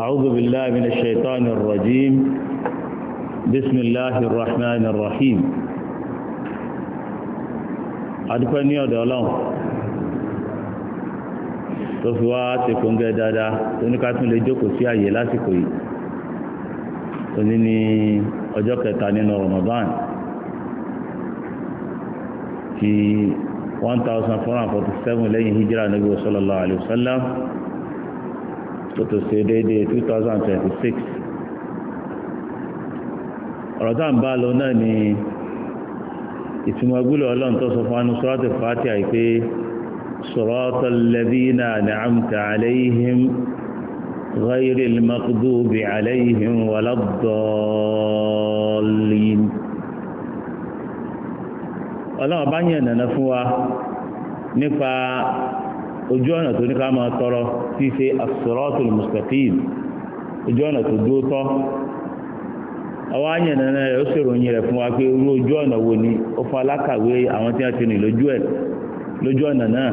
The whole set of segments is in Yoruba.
أعوذ بالله من الشيطان الرجيم بسم الله الرحمن الرحيم adúpẹ́ ní ọ̀dọ̀ ọlọ́run tó fi wá ṣe kóńgẹ́ dáadáa oníkàtún lè jókòó sí àyè lásìkò yìí òní ní ọjọ́ kẹta nínú Ramadan ti one thousand four hundred forty seven lẹ́yìn hijira nabi sallallahu alayhi wa sallam tó tó ṣe déédéé 2026 ọ̀rọ̀ tá à ń bá lọ náà ni ìtumọ̀ gbúlọ̀ ọlọ́run tó sọ fún wa ní sọ́ọ́tì fàtíà yìí pé صراط الذين أنعمت عليهم غير المغضوب عليهم ولا الضالين ọlọ́run bá yẹn nànà fún wa nípa ojú ọ̀nà tó ní ká máa tọrọ tí í ṣe as-siratul mustaqim ojú ọ̀nà tó dúró tọ́ àwọn àyànnà rẹ̀ ó ṣèròyìn rẹ̀ fún wa pé irú ojú ọ̀nà wo ni ó fún alákàwé àwọn tí wọ́n ti rìn lójú ẹ̀ lójú ọ̀nà náà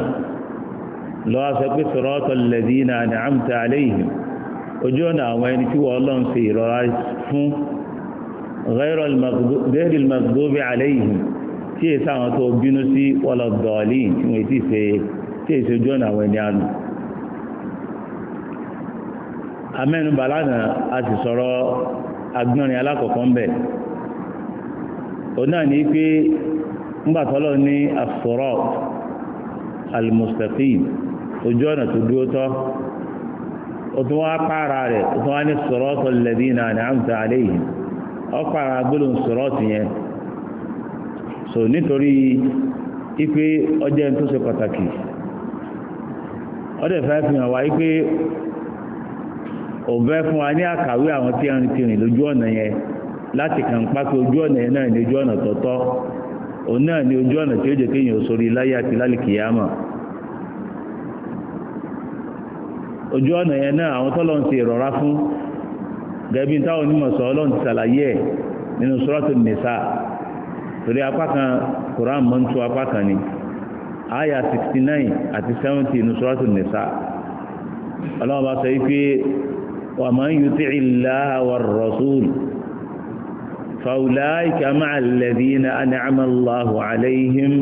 lọ́wọ́ sọ pé siratal ladina an'amta alayhim ojú ọ̀nà àwọn ẹni tí wọ́n lọ́n ṣe ìrọ̀rá fún ghayril maghdubi alayhim tí èsì àwọn tó bínú sí wala ddalin tí wọ́n ti ṣe tí èsì ojú ọ̀nà àwọn ẹni àánú amẹ́nubà lánàá a sì sọ̀rọ̀ agbọ́nrin alákọ̀ọ́kọ́ ń bẹ̀ òun náà ní pé ńgbàtọ́lọ́ ní asọ̀rọ̀ almustaqim ojú ọ̀nà tó dúró tọ́ ó tún wá pààrà rẹ̀ ó tún wá ní ọ pààrà gbólóhùn sọ̀rọ̀ tì yẹn so nítorí ipe ọjọ́ tó ṣe pàtàkì ọdẹ fẹ́ fi hàn wáyé pé òun fún wa ní àkàwé àwọn tí ti rìn lójú ọ̀nà yẹn láti kàn pápá ojú ọ̀nà yẹn náà ní ojú ọ̀nà tọ́tọ́ òun náà ní ojú ọ̀nà tí ó kéèyàn sórí láyé àti ojú ọ̀nà yẹn náà àwọn tọ́lọ́ ń ti ìrọ̀rá fún gẹ́gẹ́ bí táwọn ọlọ́run ti ṣàlàyé ẹ̀ nínú Nisa torí apá kan mọ́ ń ni. àyà 69 àti 70 ní sọ́rọ́tù nìsá ọlọ́wọ́ bá sọ wípé wà máa ń yù tí ìlàhà wà rọ̀súl fàwùláìkà máa lẹ́bí na anáàmàláhù aláìhìm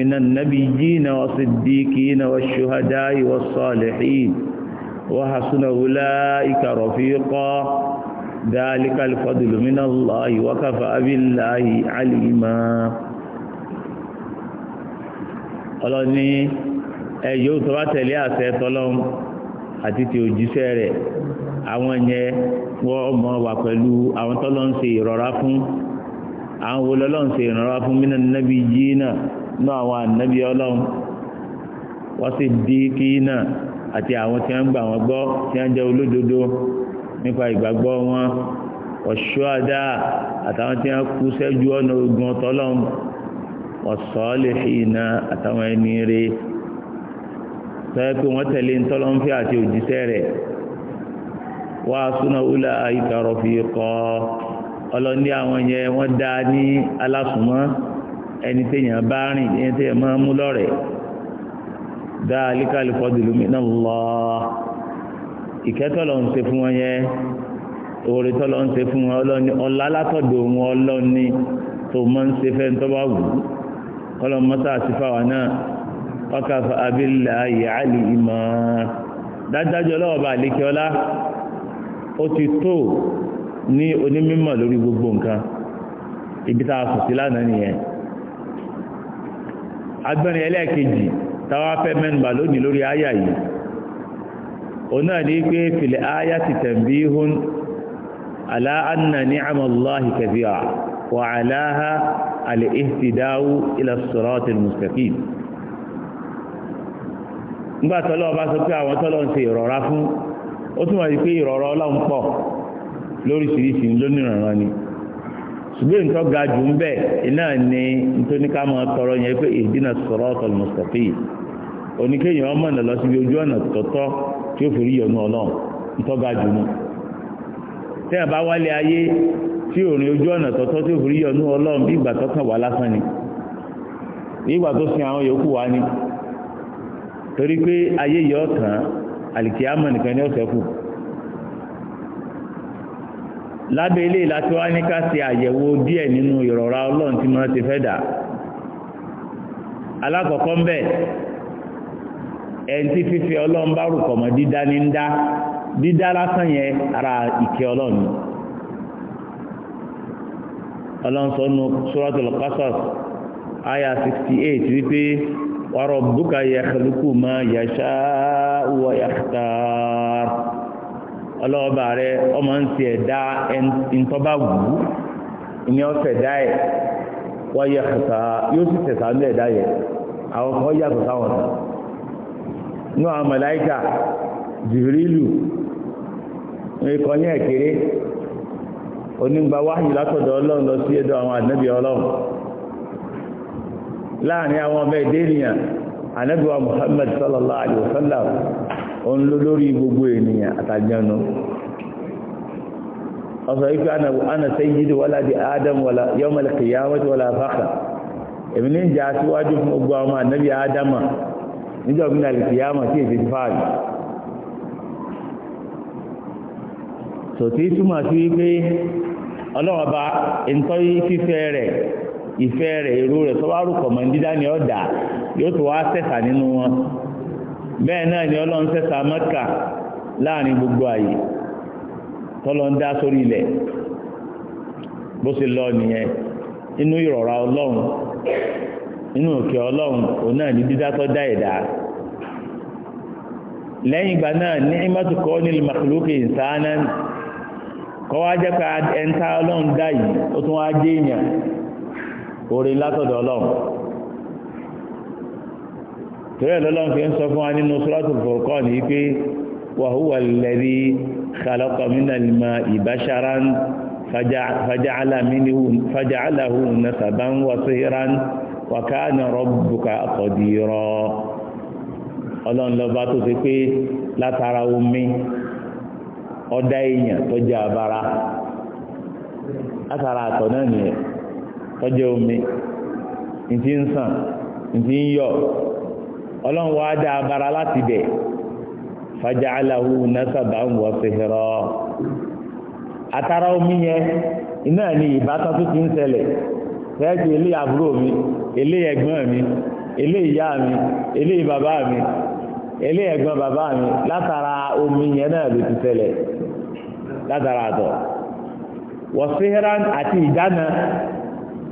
من النبيين والصديقين والشهداء والصالحين وحسن أولئك رفيقا ذلك الفضل من الله وكفى بالله عليما ọlọ́ni ẹ̀yọ́ tó bá tẹ̀lé àṣẹ tọ́lọ́m àti ti òjíṣẹ́ rẹ̀ àwọn yẹn wọ́n mọ̀ wà pẹ̀lú àwọn tọ́lọ́ ń ṣe ìrọ̀rá fún àwọn wo lọ́lọ́ ń ṣe ìrọ̀rá fún mí náà nábì yìí náà náà àwọn ànábì ọlọ́run wọ́n sì dí kí náà àti àwọn tí wọ́n gbà wọ́n gbọ́ tí wọ́n jẹ́ olódodo nípa ìgbàgbọ́ wọn ọ̀ṣọ́ àdá àtàwọn tí wọ́n kú sẹ́jú ọ̀nà ogun ọ̀tọ́lọ́run wàsọ́ọ̀lẹ́hìnà àtàwọn ẹni rẹ̀ sọ́yẹ́ wọ́n tẹ̀lé ntọ́lọ́mfẹ́ àti òjíṣẹ́ rẹ̀ wá súná wúlà ìkàrọ̀ fi kọ́ ọlọ́ní àwọn yẹ wọ́n dá ní alásùnmọ́ ẹni téèyàn bá rìn ẹni téèyàn máa mú lọ́rẹ̀ dá fọ́dùlù náà lọ ìkẹ́tọ̀lọ́ ń fún wọn tọ́lọ́ ń fún wọn ọlọ́ni látọ̀dọ̀ wọn ọlọ́ni tó kọlọm mọ́sá àti fáwọn náà wákàfà abílà ìyáàlì ìmọ̀ dájájọ́ lọ́wọ́ bá lékeọlá ó ti tó ní onímọ̀ lórí gbogbo nǹkan ibi tá a sùn sí lánàá nìyẹn agbẹ́rin ẹlẹ́ẹ̀kejì táwa fẹ́ mẹ́nubà lónìí lórí àyà yìí òun náà ní pé fìlẹ̀ àyà ti tẹ̀m̀bí hún aláàánà ní àmàlúwàhì al-ihtida'u ọba sọ pé àwọn tọ́lọ́ ń ṣe ìrọ̀rá fún ó túmọ̀ sí pé ìrọ̀rọ̀ ọlọ́run pọ̀ lóríṣiríṣi lónìrànràn ni ṣùgbọ́n nǹkan ga jù ń bẹ̀ iná ni máa tọrọ yẹn pé ihdina as-siratal oníkéyìn ọmọ lọ síbi ojú ọ̀nà tọ̀tọ̀ tí ó fi rí yọnu ọlọ́run jù tí òrìn ojú ọ̀nà tọ́tọ́ tí òfin yọnu ọlọ́run bí ìgbà tọ́kàn wá lásán ni tó sin àwọn yòókù wá ni torí pé ayé yọ ọ̀tàn àlìkíyàmọ̀ nìkan ọ̀sẹ̀ kù lábẹ́ ilé láti wá ní ká ṣe àyẹ̀wò díẹ̀ nínú ọlọ́run tí wọ́n ti ara ìkẹ́ ọlọ́run ọlọ́nsọ́nù suratul Qasas aya 68 wípé wa rabbuka yakhluqu ma yasha'u wa yakhtar ọlọ́ọ̀bà rẹ ọmọ ń ti ẹ̀dá ntọ́ba wù ú ìní ọ̀fẹ́ dá ẹ̀ wa yakhtar yóò sì tẹ̀sà ń lẹ̀ dá yẹ àwọn kan yàtọ̀ sáwọn náà nínú àwọn màláíkà Jibrilu ìkànnì ẹ̀kẹ́rẹ́ onígbà wáyìí látọ̀dọ̀ ọlọ́run lọ sí ẹ̀dọ̀ àwọn ànábì ọlọ́run láàrin àwọn ọmọ ẹ̀dẹ́ ènìyàn ànábì wa Muhammad sallallahu alaihi wasallam òun ló lórí gbogbo ènìyàn àtàjẹnu ọ̀sọ̀ ikú ana sayyidu waladi adam wala yawmal qiyamati wala fakhr èmi ní ìjà síwájú fún gbogbo àwọn ànábì túmọ̀ sí wípé ọlọ́wọ́n bá ntọ́yí fífẹ́ rẹ̀ ìfẹ́ rẹ̀ èrò rẹ̀ tó wá rúkọ̀ mọ́ dídá ni ọ̀dà yóò tó wá sẹ̀sà nínú wọn bẹ́ẹ̀ náà ni ọlọ́run sẹ̀sà mọ́kà láàrin gbogbo àyè tọ́lọ́ ń dá sórí ilẹ̀ bó ṣe lọ nìyẹn inú ìrọ̀ra ọlọ́run inú òkè ọlọ́run òun náà ní dídá tó dá ẹ̀dá lẹ́yìn ìgbà náà ní ìmọ̀tòkọ́ nílùú màkìlúkì ìsáná kọ́ wá jẹ́ pé ẹ̀ńtá ọlọ́run dá yìí ó tún wá jẹ́ èèyàn orin látọ̀dọ̀ ọlọ́run torí ẹ̀ lọ́lọ́run fi ń sọ fún wa nínú suratul Furqan yìí pé wa huwa alladhi khalaqa minal ma'i basharan faja'alahu nasaban wa sihran wa kana rabbuka qadira ọlọ́run lọ́ba tó ṣe pé látara omi ọ̀dá èèyàn jẹ́ abara látara àtọ̀ náà nìyẹn jẹ́ omi ntí ń sàn ntí ń yọ ọlọ́run wá dá abara láti bẹ̀ fàjà aláwo nasaba ń wọ omi yẹn iná ni ìbátan tó ti ń ṣẹlẹ̀ mi ilé ẹ̀gbọ́n mi ilé ìyá mi ilé bàbá mi ilé ẹ̀gbọ́n omi yẹn náà ló ti tẹ́lẹ̀ látara àti ìdáná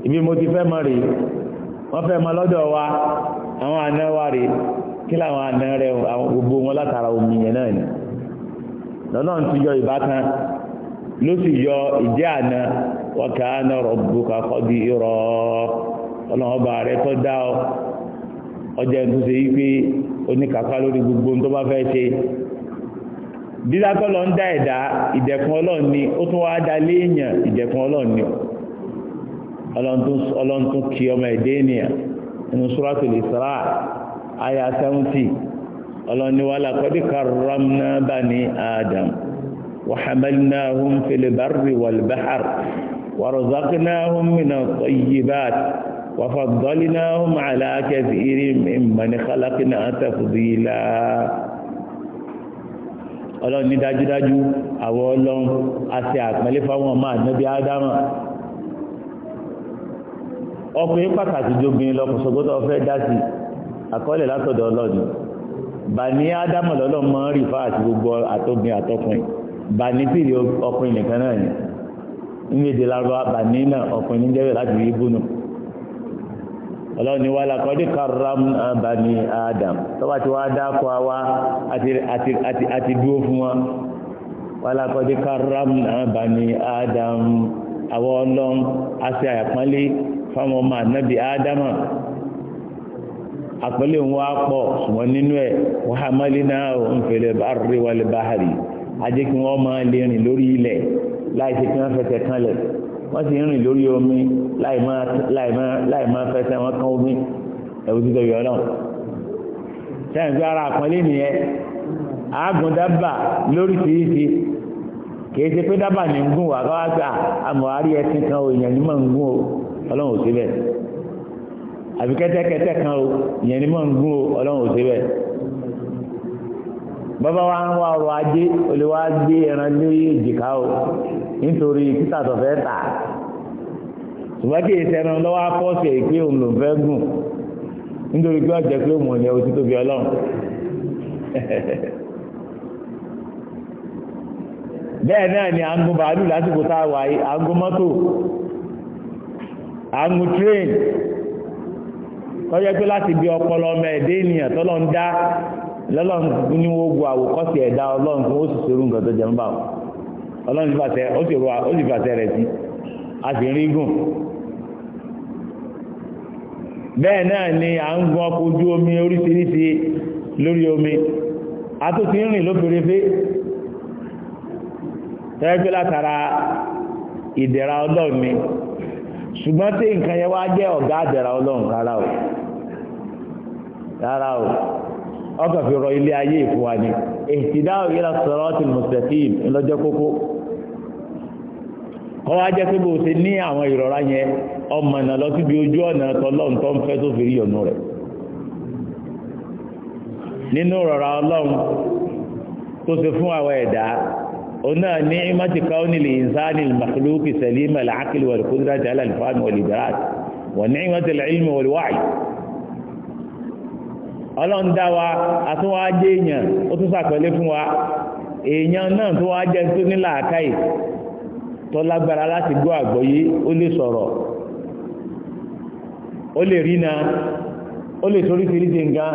ibi mo ti fẹ́ mọ́ rí wọ́n fẹ mọ́ lọ́dọ̀ wa àwọn àná wa rí kí làwọn àná rẹ gbogbo wọn látara omi yẹn náà ni lọ́nà ti yọ ìbátan ló sì yọ ìjẹ́ àná wa kana rabbuka qadira ọlọ́wọ́n bá rẹ tọ́ dá ọ ọjà ìtúnṣe yìí pé oníkàkà lórí gbogbo ohun tó bá ṣe dídákọ́ lọ ń dá ẹ̀dá ìdẹ̀kùn ọlọ́run ni ó tún wá dá léèyàn ìdẹ̀kùn ọlọ́run ni ọlọ́run tún kí ọmọ ẹ̀dẹ́ ènìyàn nínú Suratul Isra àyà 70 ọlọ́run ni wàhálà kọ́dí karramna bani Adam wa hamalnahum fil barri wal bahr wa razaqnahum minat tayyibat wa faddalnahum ala kathirin mimman khalaqna tafdila ọlọ́run ní dájúdájú àwọ ọlọ́run àti àpẹẹlẹ fáwọn ọmọ ànábì ádámà ọkùnrin pàtàkì jóbin lọkùn sọgbọ́tọ̀ ọ̀fẹ́ dásì àkọọ́lẹ̀ látọ̀dọ̀ ọlọ́run bani ádámà lọ́lọ́run máa ń rí fáà àti gbogbo àtọ́gbìn àtọkùnrin bani pìrì ọkùnrin nìkan náà ni ní èdè lárúbá bani náà ọkùnrin ní jẹ́rẹ̀ láti rí ibùnú ọlọ́run ni wà lákọ́dé karam bani adam tọ́wá ti wá dákọ̀ wa àti dúró fún wa wà lákọ́dé karam bani adam àwọn ọlọ́run àti àyàpọ́nlé fáwọn ọmọ ànábì ádámà àpẹẹlẹ ń wá pọ̀ ṣùgbọ́n nínú ẹ̀ wọ́n á mọ́lé náà ń fèrè bárẹ̀ wọlé báhàrí ajé kí wọ́n máa lè rìn lórí ilẹ̀ láì ṣe kí wọ́n fẹsẹ̀ kanlẹ̀ wọ́n sì ń rìn lórí omi láì máa láì máa láì máa fẹsẹ̀ wọn kán omi ẹ̀wù ti tẹ̀yọ̀ náà sẹ́yìn fi ara àpọ́nlé nìyẹn àágùn dábà lórí tìrìtì kìí ṣe pé dábà ní ń gùn wá káwá sí àmọ̀hárí ẹsìn kan o ìyẹn ní mọ̀ ń gùn o ọlọ́run ò sí bẹ́ẹ̀ àbí kẹ́tẹ́kẹ́tẹ́ kan o ìyẹn ní mọ̀ ń gùn o ọlọ́run ò sí bẹ́ẹ̀ bàbá wa ń wá ọrọ̀ ajé olè wa gbé ẹran lórí èjìká o nítorí peter tó fẹ́ tà ṣùgbọ́n kí èsì ẹran lọ́wọ́ afọ́sì èyí pé òun ló fẹ́ gùn nítorí pé ọ̀jẹ̀ pé òun ò ní tóbi ọlọ́run bẹ́ẹ̀ náà ni à ń gun bàálù lásìkò tá a wà yìí à ọpọlọ ọmọ ẹ̀dẹ́ ènìyàn tọ́lọ́ ń dá àwòkọ́sì ẹ̀dá ọlọ́run fún ó sì ṣerú ọlọ́run fàtẹ ó sì rọ ó sì fàtẹ rẹ̀ sí a sì rí gùn bẹ́ẹ̀ náà ni à ń gun ọkọ̀ ojú omi oríṣiríṣi lórí omi a tó ti ń rìn lófèrèfé tẹ́gbẹ́ látara ìdẹ̀ra ọlọ́run ni ṣùgbọ́n tí nǹkan yẹn wá jẹ́ ọ̀gá àdẹ̀ra ọlọ́run rárá o rárá o ọkọ̀ fi rọ ilé ayé ìfowópamọ́ ètìdá òyìnbó sọ̀rọ̀ ti mùsùlùmí lọ́jọ́ kókó kọ́ wá jẹ́ pé bó ṣe ní àwọn ìrọ̀rá yẹn ọmọ ọ̀nà lọ síbi ojú ọ̀nà tọ́lọ́run tó ń fẹ́ tó fi rí ọ̀nà rẹ̀ nínú ìrọ̀rá ọlọ́run tó ṣe fún àwọn ẹ̀dá ona ní ìmọ̀tí káwọnì lè ìsáni ìmọ̀kìlókì sẹ̀límà làákìlì wà lùkúndà tí alàlùfáàmì wà lùdàràt wà ní ìmọ̀tí ìlmì wà lùwáì ọlọ́run dá wa àtúnwá èèyàn ó tún sàpẹ́lẹ́ fún wa èèyàn náà tó wá tó ní làákàyè tó lágbára láti gbọ́ àgbọ́yé ó lè sọ̀rọ̀ ó lè rína ó lè torí fi ríṣe nǹkan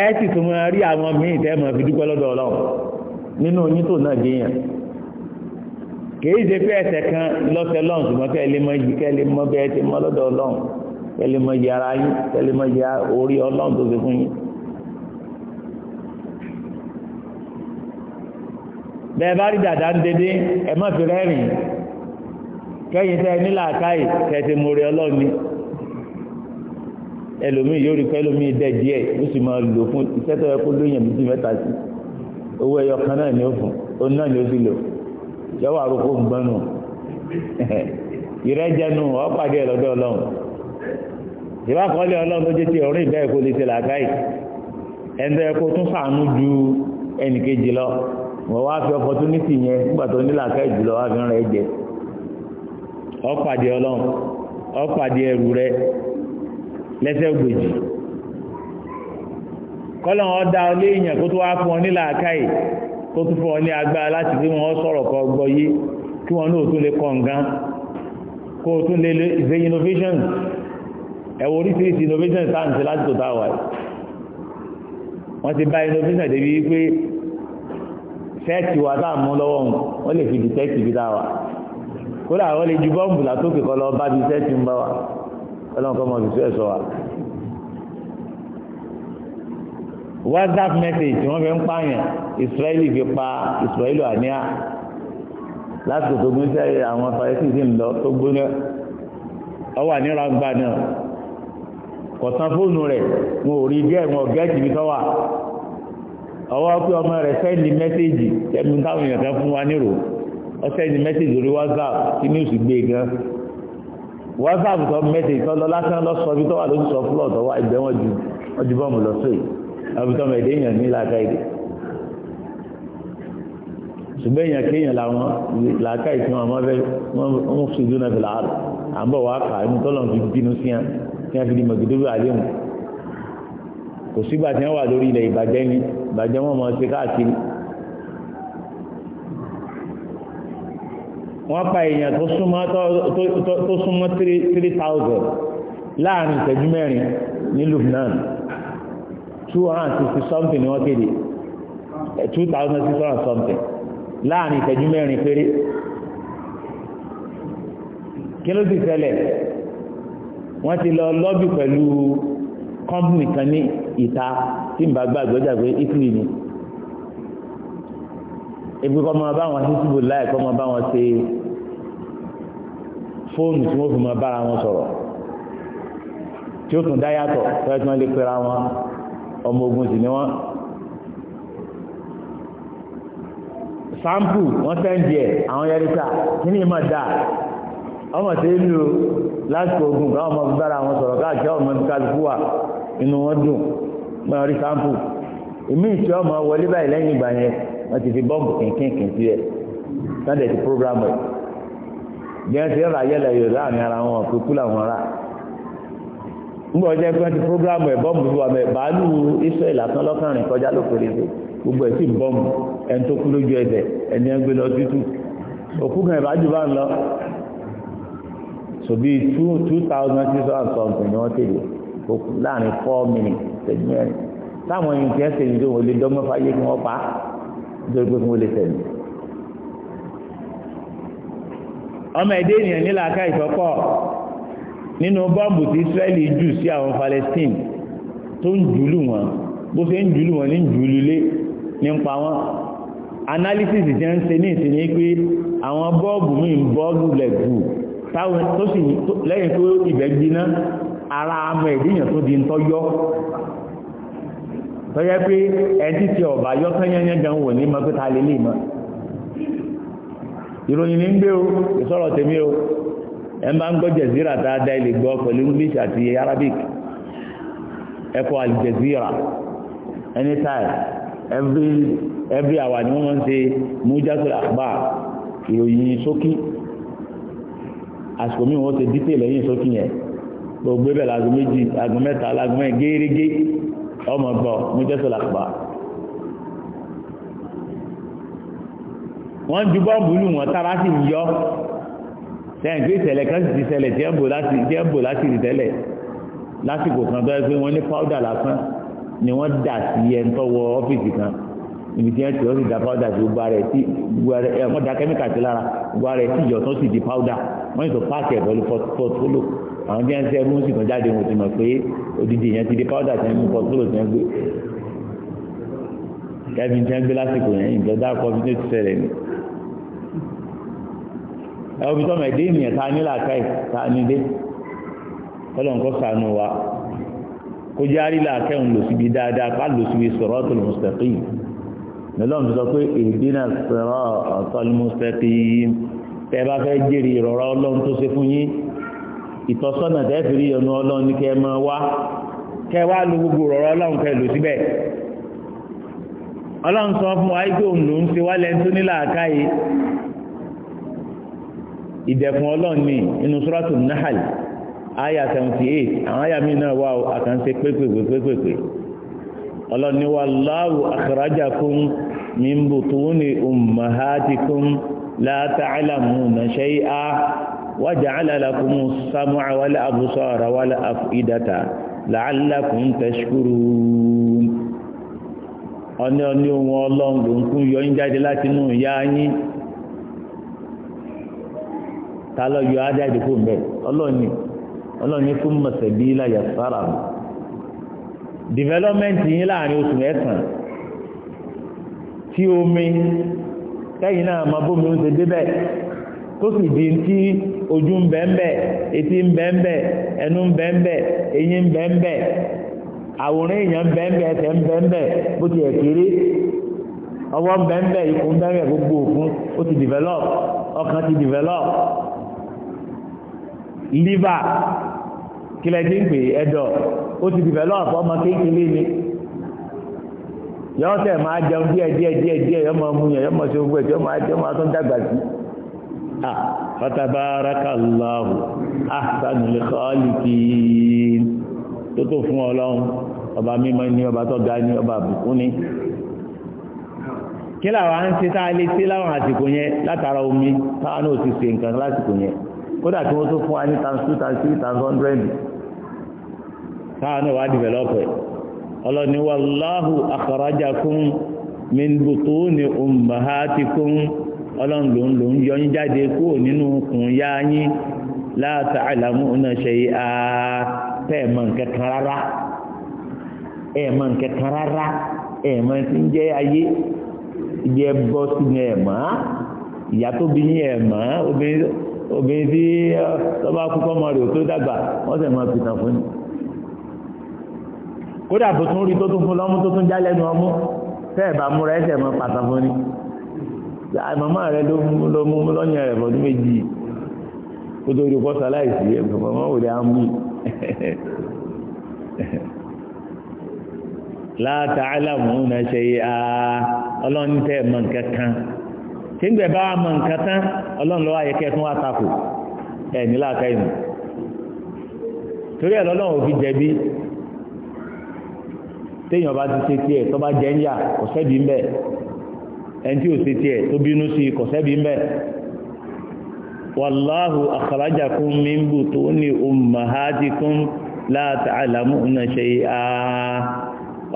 ẹ sì rí àwọn míì tẹ́ fi dúpẹ́ lọ́dọ̀ ọlọ́run nínú náà déyàn kìí ṣe pé ẹsẹ̀ kan lọ́sẹ̀ ṣùgbọ́n kẹ́ lè mọ yìí kẹ́ lè mọ bẹ́ẹ̀ ti lọ́dọ̀ ọlọ́run kẹ́ lè mọ yìí ara kẹ́ lè mọ yìí orí ọlọ́run tó ṣe fún bẹ́ẹ̀ bá rí dàda ń dédé ẹ má fi rẹ́rìn kẹ́yìn tẹ́ nílà káyì tẹ̀sí mórí ọlọ́ọ̀ni ẹlòmíì yóò rí pé ẹlòmíì dẹ̀ díẹ̀ ó sì máa lò fún iṣẹ́ tó yẹ kó lóyìn méjì mẹ́ta sí owó ẹyọ kan náà ni ó fún òun náà ni ó sì lò yọwọ́ àrùkò ń gbọ́n ìrẹ́jẹnu ọ̀pàdé ẹ̀ ọlọ́run ìbá ọlọ́run tó jẹ́ ti ọ̀rìn ìbẹ́ẹ̀ lè ṣe làákàyè ẹ̀ ń tún fàánú ju ẹnìkejì lọ wọ́n wá fi opportunity yẹn nígbà tó nílà ká ìjùlọ wá fi ń rẹ̀ jẹ ọ̀pàdé ọlọ́run ọ̀pàdé ẹrù rẹ lẹ́sẹ̀ gbèjì kọ́lọ̀ wọn dá ọ léèyàn kó tó wá fún ọ nílà ká yìí kó tó fún ọ ní agbára láti fi wọn sọ̀rọ̀ kọ gbọ́ yé kí wọn náà tún lè kọ̀ ǹgán kó o tún lè ṣe innovation ẹ̀wọ̀ oríṣiríṣi innovation sáǹtì láti tó táwà yìí wọ́n ti bá innovation débi wípé sẹ́ẹ̀tì wa tá à mú lọ́wọ́ wọn wọ́n lè fi dìtẹ́kì bí dáwà kódà wọ́n lè ju bọ́ǹbù látòkè kọ́ lọ bá bí sẹ́ẹ̀tì ń bá wa ọlọ́run kọ́ mọ ìfisú ẹ̀sọ́ wa. whatsapp message tí wọ́n fi ń pààyàn israeli fi pa israeli àníyá lásìkò tó gún sí àwọn fàyẹ́sì sí ń lọ tó gbóná ọwọ́ àníra ń gbà náà kọ̀ọ̀tàn fóònù rẹ̀ wọn ò rí díẹ̀ wọn ò gẹ́ẹ̀tì bí tọ́wà ọwọ́ pé ọmọ rẹ̀ sẹ́ndì mẹ́sẹ́jì tẹ́mi táwọn èèyàn kan fún wa nírò ọ sẹ́ndì mẹ́sẹ́jì lórí whatsapp tí ní oṣù gbé e gan whatsapp sọ mẹ́sẹ́jì tọ́lọ lásán lọ sọ bí tọ́wà ló ń sọ fúlọ̀ tọ́wà ìgbẹ́ wọn ju wọn ju bọ́ọ̀mù lọ sóyè àbí tọ́mọ èdè èèyàn ní làákà èdè ṣùgbọ́n èèyàn kéèyàn làwọn làákà ìfún wọn wọn fẹ́ wọn fi dúnà fi làárọ̀ à ń bọ̀ kò sígbà tí wọn wà lórí ilẹ̀ ìbàjẹ́ ni ìbàjẹ́ wọn mọ̀ sí káàkiri wọ́n pa èèyàn tó súnmọ́ 3000 láàrin ìtẹ́jú mẹ́rin ní Lubnan 260 something ni wọ́n kéde 2600 eh, something láàrin ìtẹ́jú mẹ́rin péré kí ló ti ṣẹlẹ̀ wọ́n ti lọ lọ́bì pẹ̀lú kọ́mpìnì kan ní ìta tí n bá gbàgbé ọjà pé italy ni ebi kọ́ máa bá wọn ṣíṣíbò láì kọ́ máa bá wọn ṣe fóònù tí wọ́n fi máa bára wọn sọ̀rọ̀ tí ó tún dá yàtọ̀ fẹ́ẹ́ tí wọ́n lè pera wọn ọmọ ogun sì ni wọ́n sampo wọ́n sẹ́ǹdì ẹ̀ àwọn yẹrìíta nínú ìmọ̀ dáa ọmọ tí ń lò lásìkò ogun káwọn ọmọ bára wọn sọ̀rọ̀ káàkiri ọmọ kálukú wa inú wọn dùn máa rí sampo èmi ìtì ọmọ wọlé báyìí lẹ́yìn ìgbà yẹn wọ́n ti fi bọ́ǹbù kìnkìnkìn sí ẹ̀ sunday ti program ẹ̀ bí wọ́n ti rà yẹlẹ̀ yóò láàrin ara wọn pé kú làwọn rà nígbà wọ́n jẹ́ pé wọ́n ti program ẹ̀ bọ́ǹbù fún wa mẹ́ bàálù israel àtàn lọ́kànrin kọjá ló péré ṣe gbogbo ẹ̀ sì ń bọ́ǹbù ẹni tó kú lójú ẹsẹ̀ ẹni ẹ̀ ń gbé lọ tútù òkú kan ìbájú bá ń lọ so two two thousand six hundred something ni wọ́n tèlé láàrin four minutes ìṣẹ́jú mẹ́rin táwọn èèyàn ti ẹsẹ̀ ìdó wọn lè dọ́gbọ́n fáyé kí wọ́n pa nítorí pé kí wọ́n lè tẹ̀lé. ọmọ ẹ̀dẹ́ ènìyàn nílà aká ìfọ́pọ̀ nínú bọ́ǹbù tí Israẹli jù sí àwọn Palestine tó ń jùlù wọn bó ṣe ń jùlù wọn ní jùlù lé ní ń pa wọn analysis ti ń ṣe ní ìsinmi pé àwọn bọ́ọ̀bù mi ń bọ́ọ̀lù lẹ̀gbù táwọn tó sì lẹ́yìn tó ìbẹ̀ gbiná ara àmọ́ ẹ̀dẹ́yàn tó di ń tọ́yọ́ tọ́jẹ́ pé ẹtí ti ọ̀bà yọ́tọ́ yẹ́nyẹ́ gan wò ní mọ́kúta lélẹ̀ mọ́ ìròyìn ní ń gbé o ìsọ̀rọ̀ tèmi o ẹ máa ń gbọ́ jẹ̀zíra dáadáa ilé gbọ́ pẹ̀lú english àti arabic ẹ̀kọ́ àlìjẹ̀zíra anytime every every hour ni wọ́n máa ń ṣe mujatul akhbar ìròyìn ṣókí àsìkò mi wọ́n ṣe detail lẹ́yìn ṣókí yẹn gbogbo ẹ̀bẹ̀ láago méjì láago mẹ́ta láago mẹ́rin gẹ́gẹ́ ọmọ gbọ́ mo jẹ́ sọ̀lá pa. wọ́n ju bọ́ọ̀bù lù wọ́n tára sì ń yọ sẹ́yìn pé ìṣẹ̀lẹ̀ kan sì ti ṣẹlẹ̀ tí ẹ̀ bò láti tí ẹ̀ bò láti rí tẹ́lẹ̀ lásìkò kan tó yẹ pé wọ́n ní pàwùdà lásán ni wọ́n dà sí ẹ̀ ń tọ́wọ́ ọ́fíìsì kan ibi tí ẹ̀ tí ó sì da pàwùdà sí gbogbo rẹ̀ tí gbogbo ẹ̀ wọ́n da kẹ́míkà sí lára gbogbo rẹ̀ tí ìyọ̀tọ̀ sì di pàwùdà wọ́n yìí tó páàkì ẹ̀ pẹ̀lú pọ́tólò àwọn bí wọ́n ti ẹrú sì kàn jáde wọn ti mọ̀ pé odidi yẹn ti di powder ti ń mú kọ́túrò ti ń gbé kẹ́bi ti ń gbé lásìkò yẹn ìjọba kọ́ fi tó ti ṣẹlẹ̀ ni. ẹ omi tọ́mọ ẹ̀dẹ́ ènìyàn ta ní làákàyè ta ní dé ọlọ́run kọ́ sànù wa kó jẹ́ àrílà akẹ́hùn lò síbi dáadáa ká lò síbi siratul mustaqim lọ́lọ́run ti sọ pé ihdina siratal mustaqim tẹ́ bá fẹ́ jèrè ìrọ̀rọ̀ ọlọ́run tó ṣe fún yín ìtọ́sọ́nà tẹ́fìrí ọ̀nà ọlọ́run ní kẹ́ máa wá kẹ́ wá gbogbo ọ̀rọ̀ ọlọ́run kẹ́ síbẹ̀ ọlọ́run sọ fún wa igbó ń ṣe wálẹ̀ tó ní làákàyè ìdẹ̀kùn ọlọ́run ní inú sọ́rọ́tù nahal aya seventy àwọn aya mi náà wà ó àkànṣe pépèpépépépé ọlọ́run ní wallahu akhrajakum waja'ala lakumus sam'a wal absara wal af'idata la'allakum tashkurun ọ̀ní ọ̀ní ohun ọlọ́run ló ń kún yọyín jáde láti inú ìyá yín ta lọ yọ ádáde kó mbẹ ọlọ́ọ̀ni ọlọ́ọ̀ni fún mọ̀sẹ̀bí láyà sára development yín láàrin oṣù mẹ́sàn tí omi kẹ́yìn náà máa bómi oúnjẹ débẹ̀ tó sì di ti ojú ń bẹ́ńbẹ́ etí ń bẹ́ńbẹ́ ẹnu ń bẹ́ńbẹ́ eyín ń bẹ́ńbẹ́ àwòrán èèyàn ń bẹ́ńbẹ́ ẹsẹ̀ ń bẹ́ńbẹ́ bó ti ẹ̀ ọwọ́ ń ikùn gbogbo ó ti develop ọkàn ti develop liver kílẹ̀ ń pè ẹ̀dọ̀ ó ti develop ọmọ kékeré ni máa jẹun Ah, fatabarakallahu ahsanul khaliqin tó tó fún ọlọ́run ọba mímọ́ ní ọba tó ga ní ọba àbùkún ní kí làwọn à ń ṣe tá a lè ṣe láwọn àsìkò yẹn látara omi táwọn náà ti ṣe nǹkan lásìkò yẹn kódà tí wọ́n tó fún wa ní times two times three times hundred táwọn náà wá develop ẹ̀ ọlọ́ni wallahu akhrajakum min butuni ummahatikum ọlọ́run ló ń lò ń yọ yín jáde kúrò nínú kùn yá yín la ta'lamuna shay'a tẹ́ ẹ̀ mọ̀ nǹkan kan rárá ẹ̀ mọ̀ nǹkan kan rárá ẹ̀ mọ̀ ti ń jẹ́ ayé ìjẹ́ bọ́ sínú ẹ̀ mọ́ ìyá tó bí yín ẹ̀ mọ́ obìnrin tí ọba kú ọmọ rẹ̀ tó dàgbà wọ́n sì máa fìtàn fún yín kódà tó tún rí tó tún fún lọ́mú tó tún jálẹ́nu ọmú tẹ́ bá múra ẹ̀ mọ́ pàtàkì fún màmá rẹ ló mú ló mú lọ́yìn rẹ̀ fọdún méjì kó tó rí kọ́ sáláìsì ẹ̀kọ́ màmá òde á mú láta alámùúnà ṣe á ọlọ́run tẹ́ mọ̀ nǹkan kan tí ń gbẹ̀ bá mọ̀ nǹkan tán ọlọ́run lọ́wọ́ ayẹkẹ́ tún wá takò ẹ̀ ní láta ìmù torí ẹ̀ lọ́lọ́run òfin jẹ̀bi téèyàn bá ti ṣe tiẹ̀ tó bá jẹ́ ń yà ọ̀sẹ́ bí ń bẹ́ẹ̀ ẹni tí ò ṣe tiẹ̀ tó bínú sí i kọ̀sẹ́bí ń bẹ̀ wàláhù akhrajakum min butuni ummahatikum la ta'lamuna shay'a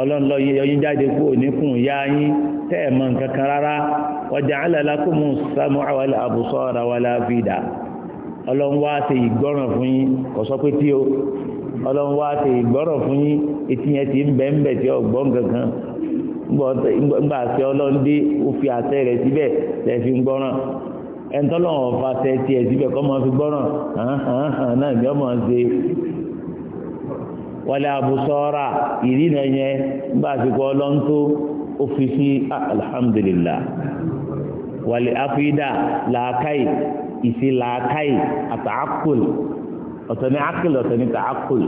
ọlọ́nlọ́ yọyí jáde kú òníkùn yá yín tẹ́ ẹ̀ mọ̀ nǹkan kan rárá wa ja'ala lakumu sam'a wal absara wal afida ọlọ́run wá ṣe ìgbọ́ràn fún yín kò sọ pé tí o ọlọ́run wá ṣe ìgbọ́ràn fún yín etí yẹn ti ń bẹ́ẹ̀ ń bẹ̀ tí ọgbọ́n gangan gbà àṣẹ ọlọ́ndé ó fi àṣẹ rẹ̀ síbẹ̀ lẹ́ fi ń gbọ́ràn ẹ̀ńtọ́lọ́wọ̀n fa àṣẹ tiẹ̀ síbẹ̀ kọ́ máa fi gbọ́ràn náà ni ọmọ ṣe wọlé abusọ́ra ìrìnà yẹn gbà àṣekọ ọlọ́ntó ó fi sí ah, alhamdulillah wàlẹ̀ afidà làákàyè ìsì làákàyè àtàkùl ọ̀tọ̀ ní akíl ọ̀tọ̀ ní tàákùl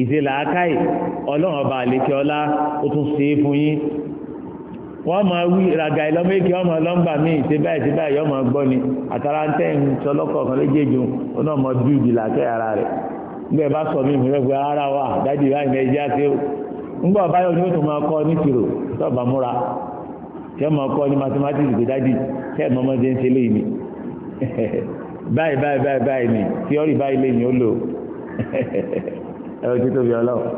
ìṣe làákàyè ọlọ́run ọba àlekè ọlá ó tún ṣe é fún yín wọ́n máa wí ọmọ lọ́mbà míì ṣe báyìí ṣe báyìí ọmọ gbọ́ ni atara ń sọlọ́kọ̀ kan léjèèjì ó náà mọ bí ìdì ara rẹ̀ nígbà bá sọ mí ìmúlẹ̀ pé ara wà dájú ìwà ìmọ̀ ẹ̀jẹ̀ àti ó báyọ̀ ni ó tún máa kọ́ ní tìrò múra kọ́ ní mathematics ẹ̀rọ tí tóbi ọlọ́run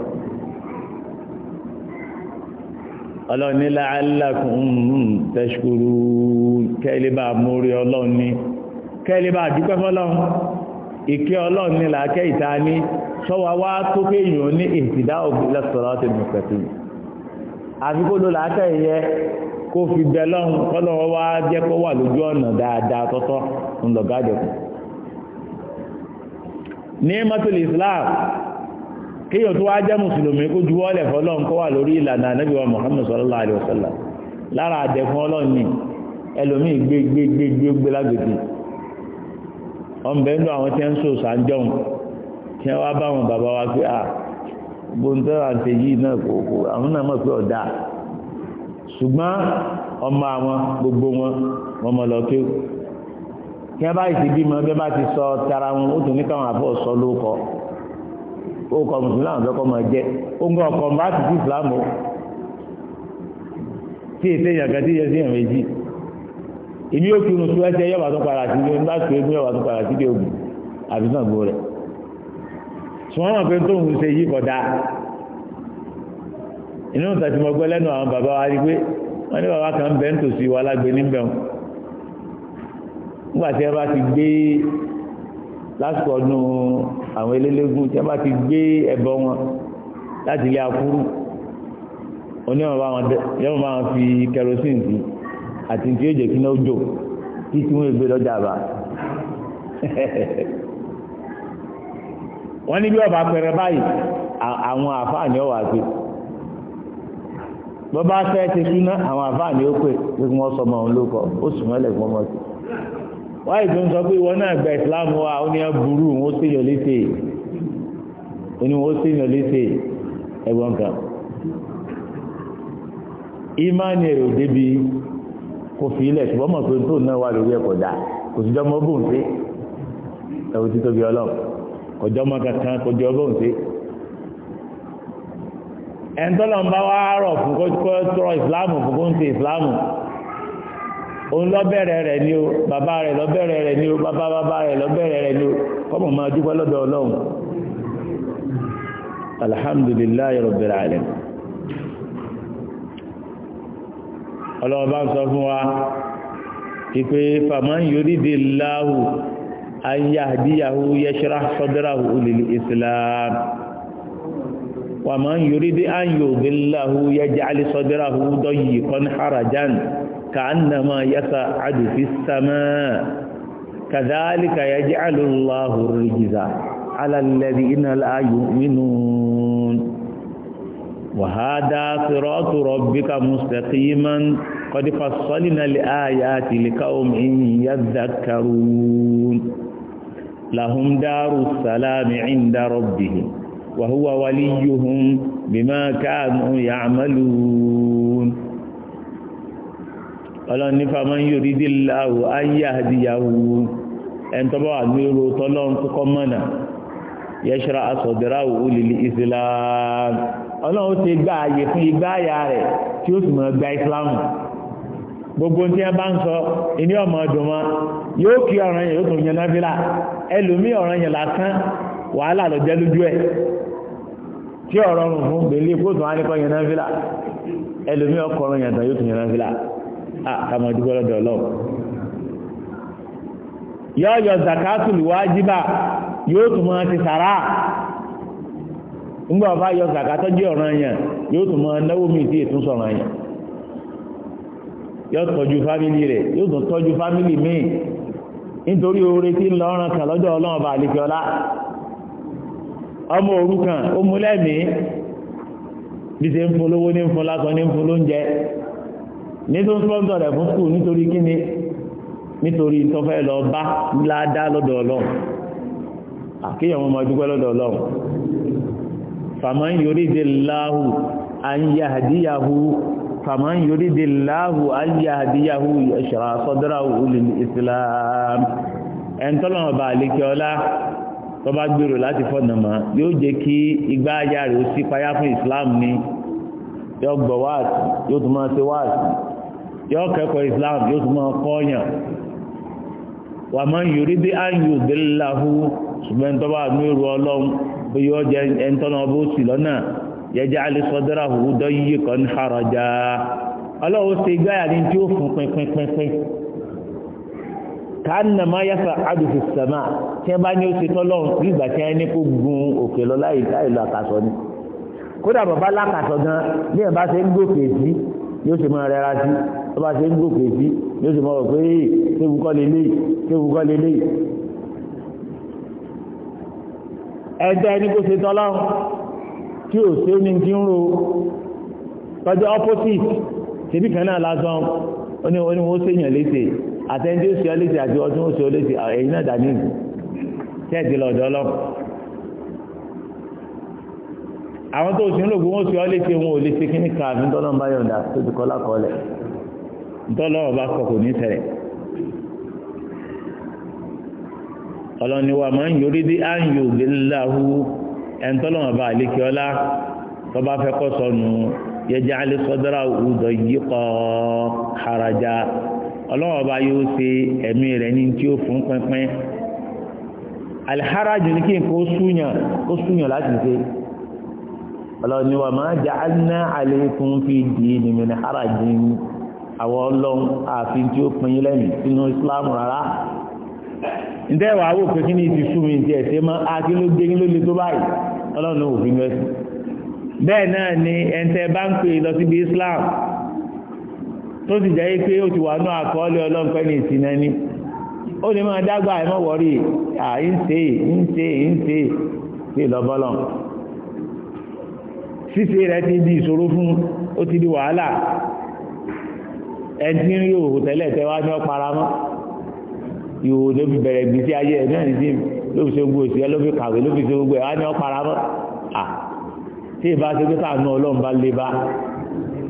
ọlọ́run ní la'allakum tashkurun kẹ́lẹ́ bá mórí ọlọ́run ní kẹ́lẹ́ bá dúpẹ́ fọ́lọ́run ìkẹ́ ọlọ́run ní làákẹ́ ìta ní sọ́wọ́ wá tó kéèyàn ní ìtìdá òbílẹ̀ sọ̀rọ̀ ti mú pẹ̀tù àfi kó ló làákẹ́ ìyẹ kó fi bẹ ní mọ́tòlì Islam kéèyàn tó wá jẹ́ mùsùlùmí kó ju wọ́lẹ̀ fọlọ́n kó wà lórí ìlànà ànábì wa Muhammad sallallahu alayhi wa sallam lára àdẹ fún ọlọ́run ni ẹlòmíì gbé gbé gbé gbé gbé lágbègbè ọ̀nbẹ́ńdọ̀ àwọn tí ń sò sàǹjọ́hùn tí wọ́n bá wọn bàbá wa pé à gbóńtẹ́rà ń tẹ̀yí náà kò kò àwọn náà mọ̀ pé ọ̀dà ṣùgbọ́n ọmọ àwọn gbogbo wọn wọn mọ̀ lọ pé kí wọ́n bá ìsìnkú mọ́ bí wọ́n bá ti sọ tara wọn ó tún ní káwọn àbọ̀ sọ lóko o mùsùlùmí làwọn fẹ́ kọ́ máa jẹ́ oúnjẹ ọkọ̀ bá ti di islam o tí èsè èèyàn kan tí yẹ sí èèyàn méjì èmi ò kírun tó ẹsẹ̀ yọ̀bà tó padà sí ilé nígbà tó ẹgbẹ́ yọ̀bà tó padà sí ilé ògùn àbí sàn gbó rẹ̀ sùnwọ́n mọ̀ pé tóun ṣe yí kọ̀dá inú ìtàtí mo gbọ́ lẹ́nu àwọn bàbá wa rí pé wọ́n ní bàbá kan bẹ́ẹ̀ ń tòsí wa lágbe níbẹ̀ wọn nígbà tí ẹ bá ti gbé lásìkò ọdún àwọn elélégún tí wọ́n bá ti gbé ẹbọ wọn láti ilé akúrú oníwọ̀n bá wọn fi kerosene sí àti tí yóò jẹ́ kí náà jò kí tí wọ́n gbé lọ́jà bá wọ́n ní bí ọba pẹrẹ báyìí àwọn àfáàní ọwà pé bọ́bá fẹ́ ti súná àwọn àfáàní ó pè pé wọ́n sọmọ òun ló kọ ó sùn mọ́lẹ̀ fún ọmọ sí wọ́n àìsàn ń sọ pé ìwọ náà gba islam wa ó ní aburú wọn ó sèyàn léṣe ó ní wọn ó sèyàn léṣe ẹ̀gbọ́n kan ìmánì èrò débi kò fi ilẹ̀ ṣùgbọ́n mọ̀ pé tó náà wà lórí ẹ̀kọ́ dà kò sí jọmọ bò ń ẹ̀wọ̀n tí tóbi ọlọ́run kò jọmọ kankan kò jọ bò ń ẹ̀ńtọ́lọ́mbá wa rọ̀ fún kó tọrọ ìsìláàmù fún kó ń ṣe ìsìláàmù òun lọ́bẹ̀rẹ̀ rẹ̀ ni o baba rẹ̀ lọ́bẹ̀rẹ̀ rẹ̀ ni o baba baba rẹ̀ lọ́bẹ̀rẹ̀ rẹ̀ ni o kọ́mọ̀ máa dúpẹ́ lọ́dọ̀ ọlọ́run alhamdulillahi rabbil alamin ọlọ́run bá ń sọ fún wa ìpè faman yuridillahu an yahdiyahu yashrah sadrahu lil islam wa man yurid an yudillahu yaj'al sadrahu dayyqan harajan. كأنما يسعد في السماء كذلك يجعل الله الرجزا على الذين لا يؤمنون وهذا صراط ربك مستقيما قد فصلنا الآيات لقوم يذكرون لهم دار السلام عند ربهم وهو وليهم بما كانوا يعملون ọlọ́run nípa máa ń yòrí dé láwò ayé àdìyàwó ẹni tó bá wà ní oró tọ́lọ́run tó kọ́ mọ̀nà yẹ́ṣọ́ra asọ̀dẹ́ráwò olèlè islam ọlọ́run ti gba ààyè fún igbá àyà rẹ̀ tí ó sì mọ̀ gba islam gbogbo tí wọ́n bá ń sọ ìní ọmọ ọdún yóò kí ọ̀ràn yẹn yóò tó yan náfìlà ẹlòmíì ọ̀ràn yẹn lásán wàhálà lọ jẹ́ lójú ẹ̀ tí ọ̀rọ̀ rùn fún gbèlè kó tó wá ní kọ́ yan náfìlà ẹlòmíì ọkọ̀ ọ̀ràn yẹn tán yóò tó yan náfìlà àkàmọ̀ ah, dúpẹ́ lọ́dọ̀ yóò yọ zakatul wájibà yóò tún máa ti yọ zakatọ́ jẹ́ ọ̀ranyàn yóò tún máa náwó mi tí ètò sọ̀rọ̀ yẹn yóò tọ́jú fámìlì rẹ̀ yóò tún tọ́jú fámìlì míì nítorí oore tí ń lọ kan lọ́dọ̀ ọlọ́run bá ó bí ní tó ń sponsor rẹ̀ fún skul nítorí kí ni nítorí tó fẹ́ lọ bá ládá lọ́dọ̀ ọlọ́run àkíyàn ọmọ ìdúpẹ́ lọ́dọ̀ ọlọ́run fàmọ́ yoríde láhù ayáhàdíyàhù fàmọ́ yoríde láhù ayáhàdíyàhù ṣàrà sọ́dọ́ráwù ulil islam ẹ̀ntọ́lọ́wọ́ bá àlékẹ́ ọlá tó bá gbèrò láti fọ́nà mọ́ yóò jẹ́ yóò kẹ́kọ̀ọ́ islam yóò tún máa kọ́ọ̀yàn wà máa ń yorí bí á ń yò déláhù ṣùgbọ́n ní tọ́ba àmì ìrù ọlọ́run bí yóò jẹ ẹ̀ńtọ́nà ọbọ̀ òsì lọ́nà yẹjẹ́ alẹ́sọ́dára òwú dọ́yíyé kan harajà ọlọ́run ṣe gbáyà ní tí ó fún pínpínpínpín kánà máa yàtọ̀ àdùfù sàmà tí wọ́n bá ní ó tọ́lọ́run bí ìgbà tí wọ́n ní kó gun òkè lọ láì láìlọ àkàsọ ni kódà bàbá lákàsọ gan bí ẹ̀ bá ṣe ń gòkè sí yóò ṣe máa rẹra sí tó ṣe ń gòkè sí ló sì mọ̀ pé kéwu kọ́ lè kó ṣe tọ́lá tí ò ṣe ní ti ń ro tọ́jú opposite ṣèbí kan lásán ó ní wọ́n léṣe àtẹ́ńdé ó ṣe ọ léṣe àti ọdún ó ṣe ọ léṣe ẹ̀yin náà dání ìlú tẹ́ẹ̀dì lọ́dọ̀ àwọn tó ṣe ń lògùn ó ṣe ọ léṣe wọn ò lè ṣe kíní kan tọ́lọ́ dọ́lọ́ ọba kọ kò ní ṣẹlẹ̀ ọlọ́niwà máa ń yorí dí áyù gbéláhù ẹ̀ńtọ́lọ́wọ̀n bá àlékè ọlá tọ́ba fẹ́ kọ́ sọnù yẹjẹ́ alẹ́ sọ́dọ́rà ọ̀dọ̀ yìí kọ́ haraja ọlọ́wọ̀n bá yóò ṣe ẹ̀mí rẹ̀ ní tí ó fún pínpín alìharajù ní kí n kó súnyàn kó súnyàn láti ṣe ọlọ́niwà máa jẹ́ alẹ́ àlékún fi dì í nìmínà harajì ní àwọn ọlọ́run ààfin tí ó pinyin lẹ́mìí sínú islam rárá ǹdẹ́ wàá wò pé kí ni ti sú mi ti ẹ̀sẹ̀ mọ́ akí ló gbé yín ló le tó báyìí ọlọ́run ò fi mọ́ ẹ̀sìn bẹ́ẹ̀ náà ni ẹ̀ǹtẹ̀ bá ń pè lọ síbi islam tó sì jẹ́ pé ó ti wà ní àkọọ́lẹ̀ ọlọ́run pẹ́ ní ìsìn náà ni ó ní máa dágbà ẹ̀ mọ́ wọ́rí à ń ṣe sí lọ́bọ́lọ́ ṣíṣe rẹ̀ ti di ìṣòro fún ó ti di wàhálà ẹtí ń yòòhò tẹ́lẹ̀ tẹ́ wá ní ọ̀pára mọ́ yòòhò ló fi bẹ̀rẹ̀ gbèsè ayé ẹ̀ náà nìyí ló fi ṣe gbogbo òṣìṣẹ́ ló fi kàwé ló fi ṣe gbogbo ẹ̀ wá ní ọ̀pára mọ́ à tí ì bá ṣe pé káàánú ọlọ́run bá lé bá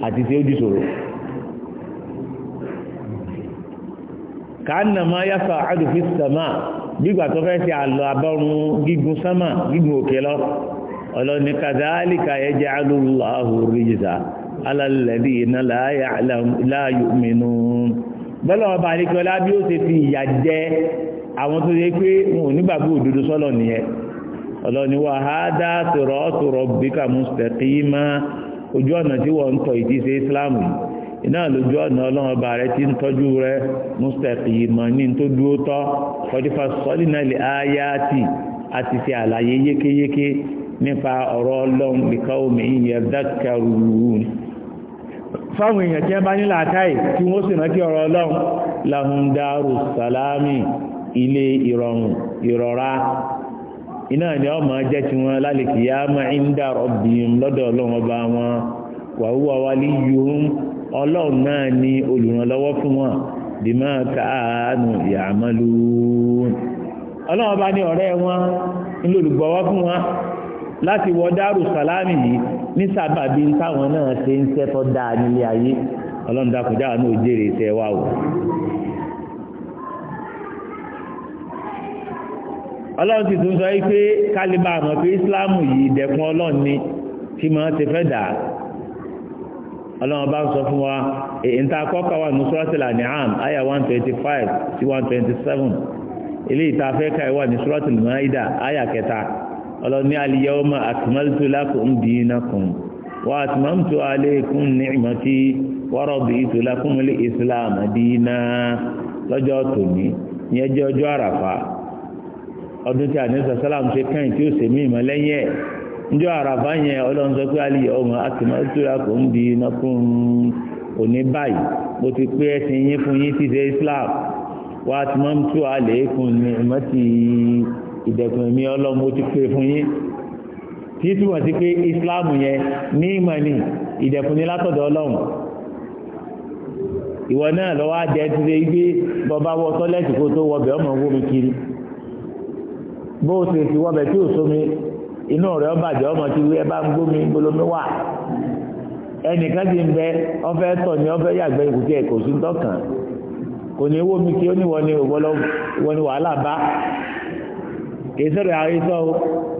àti ṣe ojú ṣòro. kàánà máa yàtọ̀ àdùfí sàmà gbígbà tó fẹ́ ṣe àlọ́ abọ́run gígun sánmà gígun òkè lọ ọlọ́ni kàdáálì kàyẹ́jẹ́ alóhùn àhùn ríjìdá alálẹ́dí iná láàyò mìínú bọ́lá ọba àríkọlá bí ó ṣe fi ìyà jẹ àwọn tó yẹ pé wọn ò nígbàgbọ́ òdodo sọ́lọ̀ nìyẹn ọlọ́ni wa ha dá tòrọ tòrọ bíkà mustaqima ojú ọ̀nà tí wọ́n ń tọ̀ ìdí sí Islam iná lójú ọ̀nà ọlọ́run rẹ ti ń tọ́jú rẹ mustaqima ní tó dúró tọ́ kọ́dífà sọ́lì áyáàtì àti ṣe àlàyé yékéyéké nípa ọ̀rọ̀ ọlọ́run nìkan omi ìyẹn dákàrú fáwọn èèyàn tí wọ́n bá ní làákàyè tí wọ́n sì rántí ọ̀rọ̀ ọlọ́run lahum dáàrú ilé ìrọ̀rùn ìrọ̀rá iná ni ọmọ jẹ́ tí wọ́n lálẹ́kì yá máa ń dà lọ́dọ̀ ọlọ́run ọba wọn wa huwa waliyuhum ọlọ́run náà ni olùrànlọ́wọ́ fún wọn bima kaanu ya'malun ọlọ́run ọba ní ọ̀rẹ́ wọn fún wọn láti wọ ní sábàbí táwọn náà ṣe ń sẹ́tọ́ dáa nílé ayé ọlọ́run dákun jáwọ́ náà jèrè iṣẹ́ wa o. ọlọ́run ti tún sọ yìí pé kálíbà àmọ́ pé ìsìláàmù yìí dẹ̀kun ọlọ́run ni tí màá ti fẹ́ dà á ọlọ́run bá ń sọ fún wa ìta kọ́kọ́ wà ní suratul An'am àyà 125 sí 127 ilé ìta fẹ́ ká wà ní suratul Maida àyà kẹta. ọlọ́ni al-yawma akmaltu lakum dinakum wa atmamtu alaykum ni'mati wa raditu lakumul islam dina lọ́jọ́ tòní ìyẹn jẹ́ ọjọ́ àràfà ọdún tí àníṣà sálàmù ṣe kẹ́yìn tí ó ṣe mí ìmọ̀ lẹ́yìn ẹ̀ njọ́ àràfà yẹn ọlọ́run sọ pé al-yawma akmaltu lakum dinakum òní báyìí mo ti pé ẹsìn yín fún yín ti ṣe islam wa atmamtu alaykum ni'mati. ìdẹ̀kùn mi ọlọ́run mo ti pè fún yín tí túmọ̀ sí pé islam yẹn ní ìmọ̀ ni ìdẹ̀kùn ni látọ̀dọ̀ ọlọ́run ìwọ náà lọ́wọ́ adìẹ ti ṣe gbé bọ́ba wọ tọ́lẹ́tì kó tó wọbẹ̀ ọmọ owó mi kiri bó o ṣe ti wọbẹ̀ tí o sómi inú rẹ̀ ọba àjẹ́ ọmọ ti wí ẹ bá ń gbómi gbólómi wà ẹnìkan ti ń bẹ ọfẹ tọ ni ọfẹ yàgbẹ ìkùtì ẹ kò sí ń tọkàn kò ní wọ́n mi kí ó ní wọ́n ní wàhálà bá kìí sọ̀rọ̀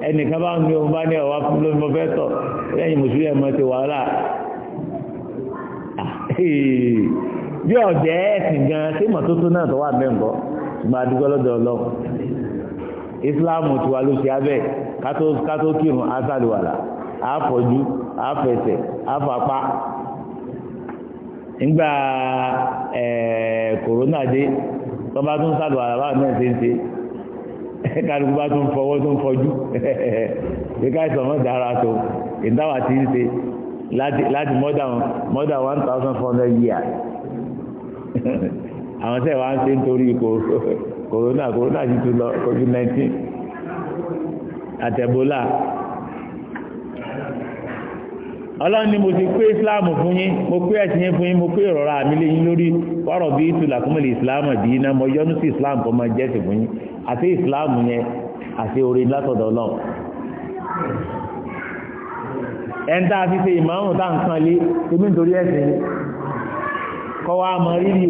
ẹnìkan bá ń gbé bá ní ọ̀wá fún lórí mọ́fẹ́ tọ̀ lẹ́yìn mùsùlùmí ẹ̀mọ́ ti wàhálà bí ọ̀jẹ́ ẹ̀sìn gan ṣé mọ̀tótó náà tó mẹ́ǹkọ́ ṣùgbọ́n islam abẹ́ kátó kírun asàlùwàlà àfọ̀jú àfẹsẹ̀ nígbà kòrónà dé tún sàlùwàlà kálukú bá tún fọwọ́ tún fọjú ẹ̀ka ìsọ̀mọ́ dára tó ìdáwà ti ń ṣe láti more than one thousand four hundred years àwọn tẹ̀ wá ń ṣe nítorí corona corona ti tún lọ covid nineteen àtẹ̀bólà. ọlọ́run ni mo ti pé islam fún mo pé ẹ̀sìn yín mo pé ìrọ̀rọ̀ àmì lé lórí bíi ìtura kúmọ̀lì islam dì í mo yọnu sí islam kó máa fún yín àti islam yẹn àti orí látọ̀dọ̀ ṣe ìmáàmù tá à ń kan lé ebi nítorí ẹ̀sìn kọ́ wa mọ rírì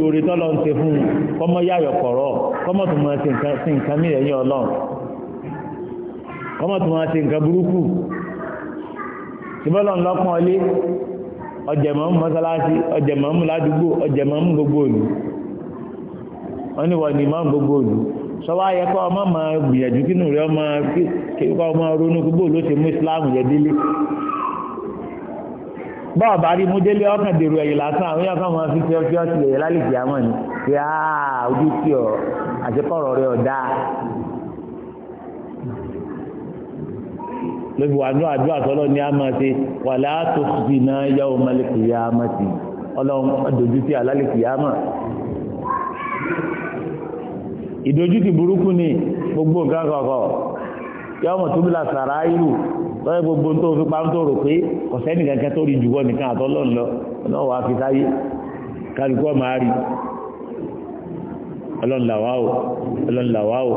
orí ń ìbọ́lọ̀ ńlọ́kùn ọlé ọjẹ̀mọ́mù mọ́sálásí ọjẹ̀mọ́mù ládùúgbò ọjẹ̀mọ́mù gbogbo òlù wọ́n ní wọ́n ní mọ́ gbogbo òlù sọ́wọ́ ayẹ kọ́ ọmọ máa gbìyànjú kínú rẹ ọmọ kíkọ́ ọmọ ronú gbogbo ló ṣe mú Islam yẹ délé báwa bá rí mú délé ọkàn dèrò ẹ̀yìn lásán àwọn yàtọ̀ wọn fi fi ọtí ọtí ẹ̀yẹ lálẹ́ ìgbìyàmọ̀ ni pé ojú tí ọ àṣekọ̀rọ̀ rẹ ọ̀ dáa lóbi wà ní àdúrà tọ́lọ́ ní àmà ṣe wà láàtò sí náà yá o mọ́lẹ̀kì yá àmà sí ọlọ́run àdójútì àlálẹ̀kì yá àmà. ìdójútì burúkú ni gbogbo nǹkan kọ̀ọ̀kọ̀ yọ ọmọ tó bílà sàrà ìlú lọ́yẹ gbogbo tó fi pa ń tó rò pé ọ̀sẹ́ nìkan kẹ́ tó rí jùwọ́ nìkan àtọ́lọ́run lọ náà wàá fi sáyé kálukú ọmọ àárí ọlọ́run làwá o ọlọ́run làwá o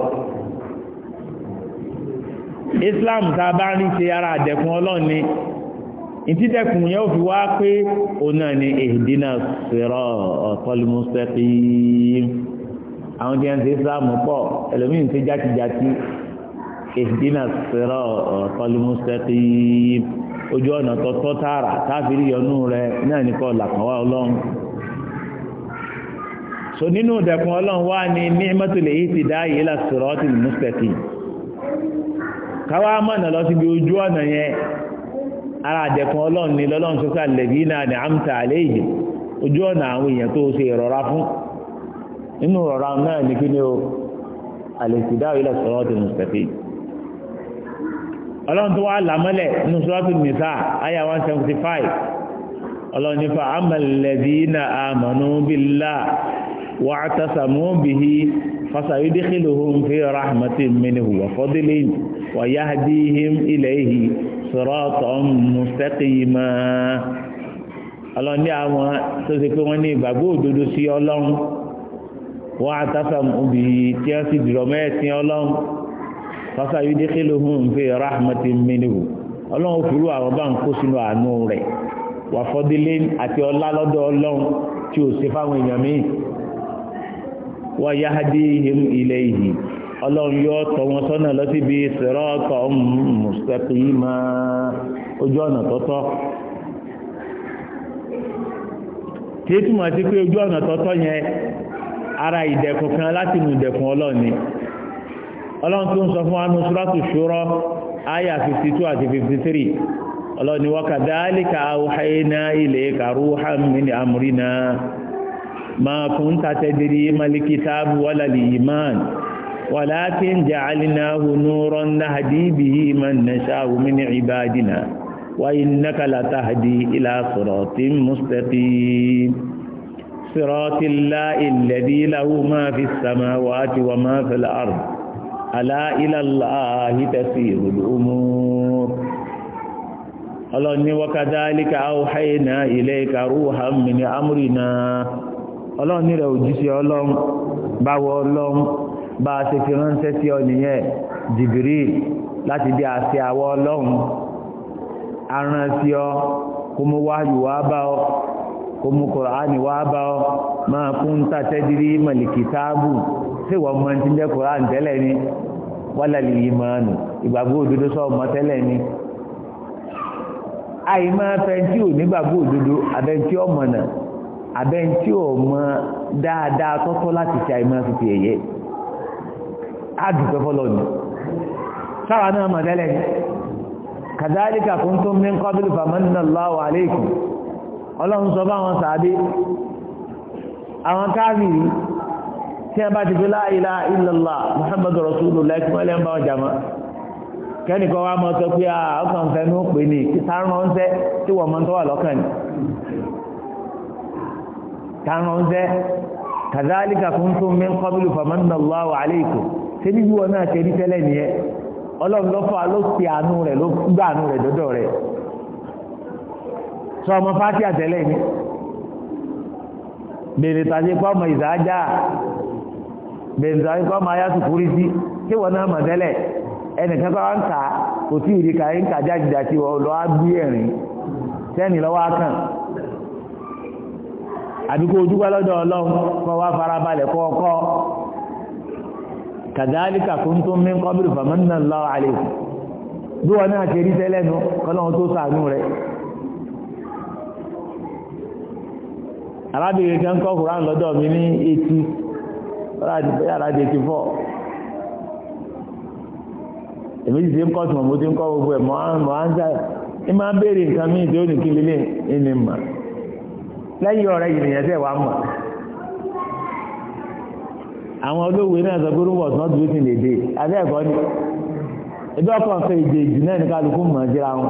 islam tá a bá rí ṣe ara àdẹ̀kùn ọlọ́run ni ìtítẹ̀kùn yẹn ò fi wá pé òun náà ni ihdina siratal mustaqim àwọn tí wọ́n ti islam pọ̀ ẹlòmíín ti jákèjádé ihdina siratal mustaqim ojú ọ̀nà tọ́tọ́ tààrà káfíìrì yọnú rẹ náà ní kọ́ làkànwá ọlọ́run so nínú ìdẹ̀kùn ọlọ́run wá ní ní mọ́tòlẹ́yìí ti dá yìí lásìrọ́ọ̀tì káwá mọ̀nà lọ síbi ojú ọ̀nà yẹn ara àdẹ̀kùn ọlọ́run ni lọ́lọ́run sọ́kà lẹ̀bí náà ní àmta àléèjì ojú ọ̀nà àwọn èèyàn tó ṣe ìrọ̀rá fún nínú ìrọ̀rá náà ní kí ni o àlèsìdá ilẹ̀ sọ̀rọ̀ tó nù ọlọ́run tó wá làmọ́lẹ̀ nínú sọ́rọ́tù nìsà àyà 175 ọlọ́run nípa àmàlẹ̀bí náà àmọ̀nù bílá wà á tàṣàmú bìhí fasayídíkìlùhùn fi rahmatin minhu wa fadlin wa yahdihim ilayhi siratan mustaqima ọlọ́run ní àwọn tó ṣe pé wọ́n ní ìgbàgbọ́ òdodo sí ọlọ́run wọ́n atasamu bi tí wọ́n sì dùrọ̀ mẹ́ẹ̀sìn ọlọ́run fasa yudkhiluhum fi rahmatin minhu ọlọ́run òfurú àwọn bá ń kó sínú àánú rẹ̀ wà fọ́dílé àti ọlá lọ́dọ̀ ọlọ́run tí ò sí fáwọn èèyàn míì wa yahdihim ilayhi ọlọ́run yóò tọ́ wọn sọ́nà lọ síbi sirata mustaqima ojú ọ̀nà tọ́tọ́ kí túmọ̀ sí pé ojú ọ̀nà tọ́tọ́ yẹn ara ìdẹ̀kùn kan láti mú ìdẹ̀kùn ọlọ́run ni ọlọ́run tó ń sọ fún anú suratu shura aya 52 àti 53 ọlọ́run ni wa kadhalika awhayna ilayka ruhan min amrina ma kunta tadri mal kitabu wala al-iman walakin ja'alnahu nuran nahdi bihi man nasha'u min ibadina wa innaka latahdi ila siratin mustaqim صراط الله الذي له ما في السماوات وما في الأرض ألا إلى الله تسير الأمور ọlọ́run ní wakadhalika awhayna ilayka ruhan min amrina ọlọ́run ní rẹ̀ òjíṣẹ́ ọlọ́run báwọ ọlọ́run bá a ṣe fi ránṣẹ́ sí ọ nìyẹn Jibril láti bí a ṣe àwọ ọlọ́run aràn sí ọ kó mú wáyù wá bá ọ kó mú Kùránì wá bá ọ máa kún tàtẹ́dìrí mọ̀lìkìtáàbù tí wọ́n mọ̀ tí ń jẹ́ Kùránì tẹ́lẹ̀ ni wálàlì ìmọ̀ọ́nù ìgbàgbọ́ òdodo sọ́ọ̀mọ́ tẹ́lẹ̀ ni àìmọ́ fẹ́ntì ò nígbàgbọ́ òdodo abẹ́ntì ọmọ náà abẹ́ntì ò mọ dáadáa tọ́tọ́ láti ṣe àìmọ́ fífi ẹ̀yẹ àdùpẹ́ fọ́lọ́ ni sára náà mọ̀ tẹ́lẹ̀ ni kàdáríkà kún tó min qablu famanna Allahu alaykum ọlọ́run sọ fáwọn sàábé àwọn káàfìrí tí a bá ti fi la ilaha illallah muhammadu rasulullah kí wọ́n lè ń bá ọjà mọ́ kẹ́nìkan wá mọ́ sọ pé kún tó min qablu famanna Allahu alaykum ṣe bí wọn náà ṣe rí tẹ́lẹ̀ nìyẹn ọlọ́run lọ́fọ́ ló fi àánú rẹ̀ ló gbà àánú rẹ̀ dọ́dọ̀ rẹ̀ sọ ọmọ fásitì àtẹ́lẹ̀ ni bèrè tàbí kọ́ ọmọ ìdájá bèrè tàbí kọ́ ọmọ ayásùkúrí sí tí wọn náà mọ̀ tẹ́lẹ̀ ẹnìkan kọ́ ń kà kò tí ìdí kàrí ń kà jáde àti wọn lọ́wọ́ bí ẹ̀rín sẹ́ni lọ́wọ́ kàn àbíkó ojúgbà lọ́dọ̀ ọlọ́run kọ́ wá farabalẹ̀ kọ́ ọkọ́ kàdálíkà kuntum min qablu famanna Allahu alaykum bí wọn náà ṣe rí tẹ́lẹ́nu kọ́lọ́hún tó sàánú rẹ̀ arábìnrin kan kọ́ Kùránì lọ́dọ̀ mi ní etí aráàdì etí fọ́ èmi ti ń kọ́ tí mo ti ń kọ́ gbogbo ẹ̀ mọ́ àwọn àǹsà ẹ máa béèrè nǹkan míì tí ó nìkí lélẹ̀ ẹ̀ lẹ́yìn ọ̀rẹ́ yìí nìyẹn mọ̀ àwọn olówó náà sọ pé room was not waiting the day abẹ́ ẹ̀kọ́ ni ebi ọkọ̀ ọ̀fẹ́ ìdè ìdì náà ní kálukú mọ̀ ọ́n síra wọn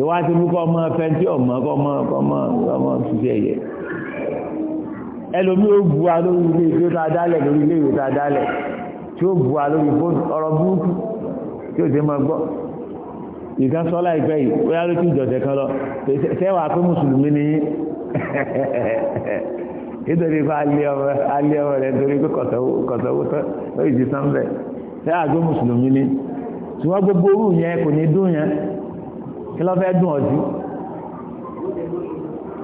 ìwà tí mú kọ́ ọmọ fẹ́ntì ọmọ kọ́ ọmọ kọ́ ọmọ kọ́ ọmọ ṣiṣẹ́ yẹ ẹlòmí ó bu wa lórí ilé ìwé tá a dálẹ̀ lórí ilé ìwé tá a dálẹ̀ tí ó bu wa lórí fóònù ọ̀rọ̀ burúkú tí ó ti máa gbọ́ ìkan sọ́lá ìgbẹ́ yìí ó yá ló ti jọ̀jẹ̀ kan lọ sẹ́wàá pé mùsùlùmí ni nítorí bá alẹ́ ọmọ rẹ̀ nítorí pé kọ̀sọ̀wó tán lórí ti sán bẹ̀ ṣé àgbo mùsùlùmí ni ṣùgbọ́n gbogbo orú yẹn kò ní dùn yẹn kí ló fẹ́ dùn ọ̀sí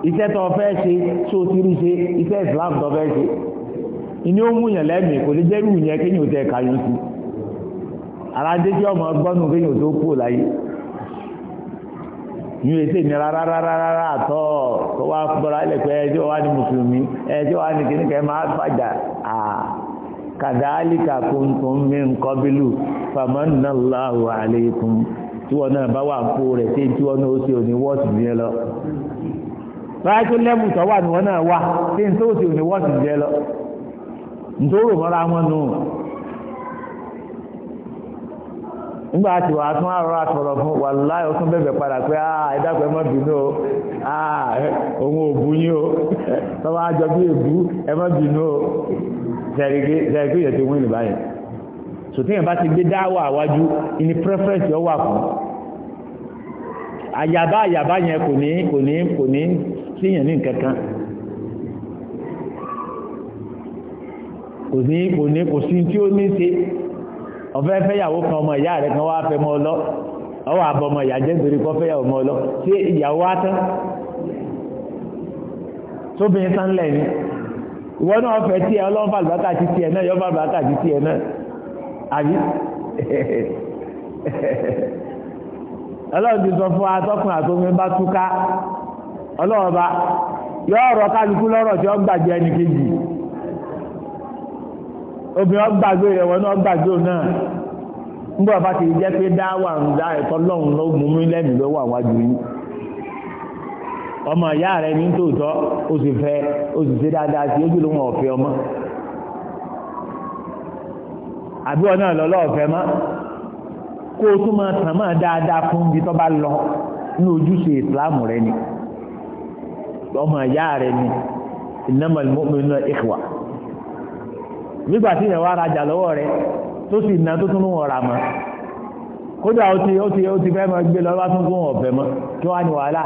iṣẹ́ tó fẹ́ ṣe tó ti rí ṣe iṣẹ́ Islam tó fẹ́ ṣe ìní ó mú yàn lẹ́mìí kò ní jẹ́rù yẹn kéyìn ò tẹ̀ kàyọ́ sí ara dé tí ọmọ gbọ́nù kéyìn ò tó kú láyé ní èsè ní rárá rárá rárá àtọ́ tó wá bọ́ra ẹlẹ́pẹ́ ẹjọ́ wá ní mùsùlùmí ẹjọ́ wá ní kìnnìkan máa fàjà àà kàdáálìkà kùntùn min kọbílù fàmánàláhù àlékún tí wọn náà bá wà ń kó tí tí náà ó sì tí tó sì òní wọ́ọ̀sì lọ nígbà tí wàá tún àrọ́ àtọ̀rọ̀ fún wà láì ó bẹ̀bẹ̀ padà pé àà ẹ̀dàpẹ́ mọ́ bínú o àà ah, òun ò bú yín o tọ́wọ́ àjọ bí èbú ẹ mọ́ bínú o zẹ̀rẹ̀gbé yẹ̀ tó wọ́n ìlú báyìí sòtíyàn bá ti gbé dáwà àwájú ìní preference yọ wà fún àyàbá àyàbá yẹn kò ní kò ní kò ní síyàn ní nǹkan kan kò ní kò ní kò sí tí ó ní ṣe ọ̀fẹ́ fẹ́yàwó kan ọmọ ìyá rẹ̀ kan wá fẹ́ mọ́ ọlọ́ ọwọ́ àbọmọ ọmọ ìyá kọ́ fẹ́yàwó mọ́ ọlọ́ tí ìyàwó á tó bí tán lẹ̀ ní náà fẹ́ tí ẹ ọlọ́run ti náà obìnrin ọgbàgbé rẹ̀ wọn náà gbàgbé náà nígbà bá ti jẹ́ pé dáwà ń dá ẹ̀tọ́ lọ́hùn ló mú mi lẹ́mìí lọ́wọ́ àwọn àjò yìí ọmọ ìyá rẹ̀ ní tòótọ́ ó sì fẹ́ ó sì ṣe dáadáa sí ojú ló wọn ọ̀fẹ́ ọmọ àbí wọn náà lọ́lọ́ ọ̀fẹ́ mọ́ kó o tún máa tàn máa dáadáa fún ibi tó bá lọ ní ojúṣe ìsìláàmù rẹ ni ọmọ ìyá rẹ ni innamal mu'minuna ikhwa nígbà tí ìyẹn wá rajà lọ́wọ́ rẹ tó sì ná tó tún ní wọn rà mọ́ kódà ó ti ó ti ó ti fẹ́ mọ́ gbé lọ́wọ́ bá tún fún ọ̀fẹ́ mọ́ kí wọ́n á ní wàhálà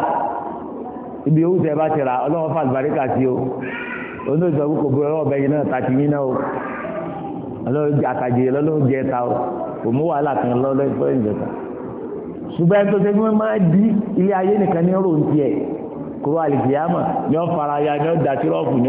ibi owó tẹ bá ti ra ọlọ́wọ́ fà àlùbáríkà sí o oní ìsọ bú ọlọ́wọ́ bẹ́ẹ̀ náà ta yín náà o ọlọ́wọ́ jẹ àtàjẹ lọ́lọ́wọ́ jẹ ta o kò mú wàhálà kan lọ́lọ́ ìfọ́ ìjọba di ilé ayé nìkan ní ròǹtì ẹ̀ kúrò àlìkìyàmà ni ó fara ya ni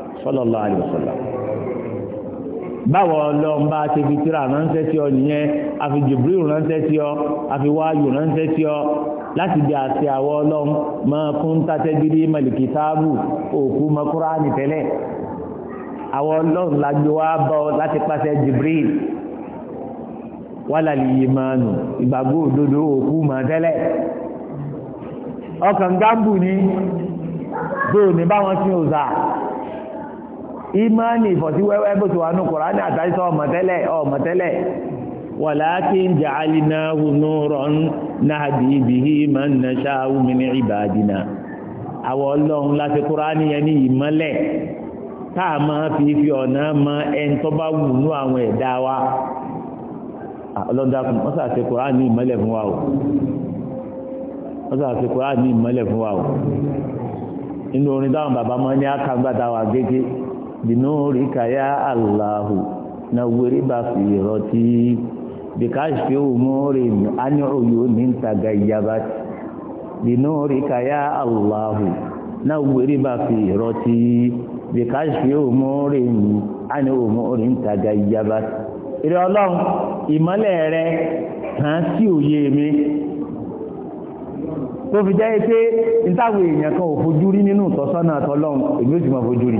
sallallahu alaihi wasallam báwo ọlọ́run bá ṣe fi tíra ránṣẹ́ sí ọ nìyẹn àfi Jibril ránṣẹ́ sí ọ àfi wáyù ránṣẹ́ sí ọ láti bí àṣẹ àwọ ọlọ́run máa kún tàtẹ́gírí mẹ̀lìkì táàbù òkú mọ́kúránì tẹ́lẹ̀ àwọ ọlọ́run la gbé wá bọ́ láti pàṣẹ Jibril wálà lè máa nù ìgbàgbọ́ òdodo òkú mọ́ tẹ́lẹ̀ ọkàn gámbù ni bóò ní báwọn ti ń zà ìmánì ìfọ̀síwẹ́wẹ́ bó ti wà ní kùránì ọmọtẹ́lẹ̀ àwọn ọlọ́run láti kùránì yẹn ní tá a máa fi fi ọ̀nà mọ ẹni tó bá wù nú àwọn ẹ̀dá wa ọlọ́dàkùn wọ́n sà kùránì fún wa o wọ́n sà kùránì ní fún wa o nínú orin táwọn bàbá máa بنورك يا الله na بصيرتي بكشف أمور عن عيون تغيبت بنورك يا الله نور ṣe بكشف أمور عن أمور تغيبت ìrẹ Ọlọ́run ìmọ́lẹ̀ rẹ hàn sí òye mi tó fi jẹ́ pé nítawọ̀ èèyàn kan ò fojú rí nínú ìtọ́sọ́nà àtọ́lọ́run èmi ò fojú rí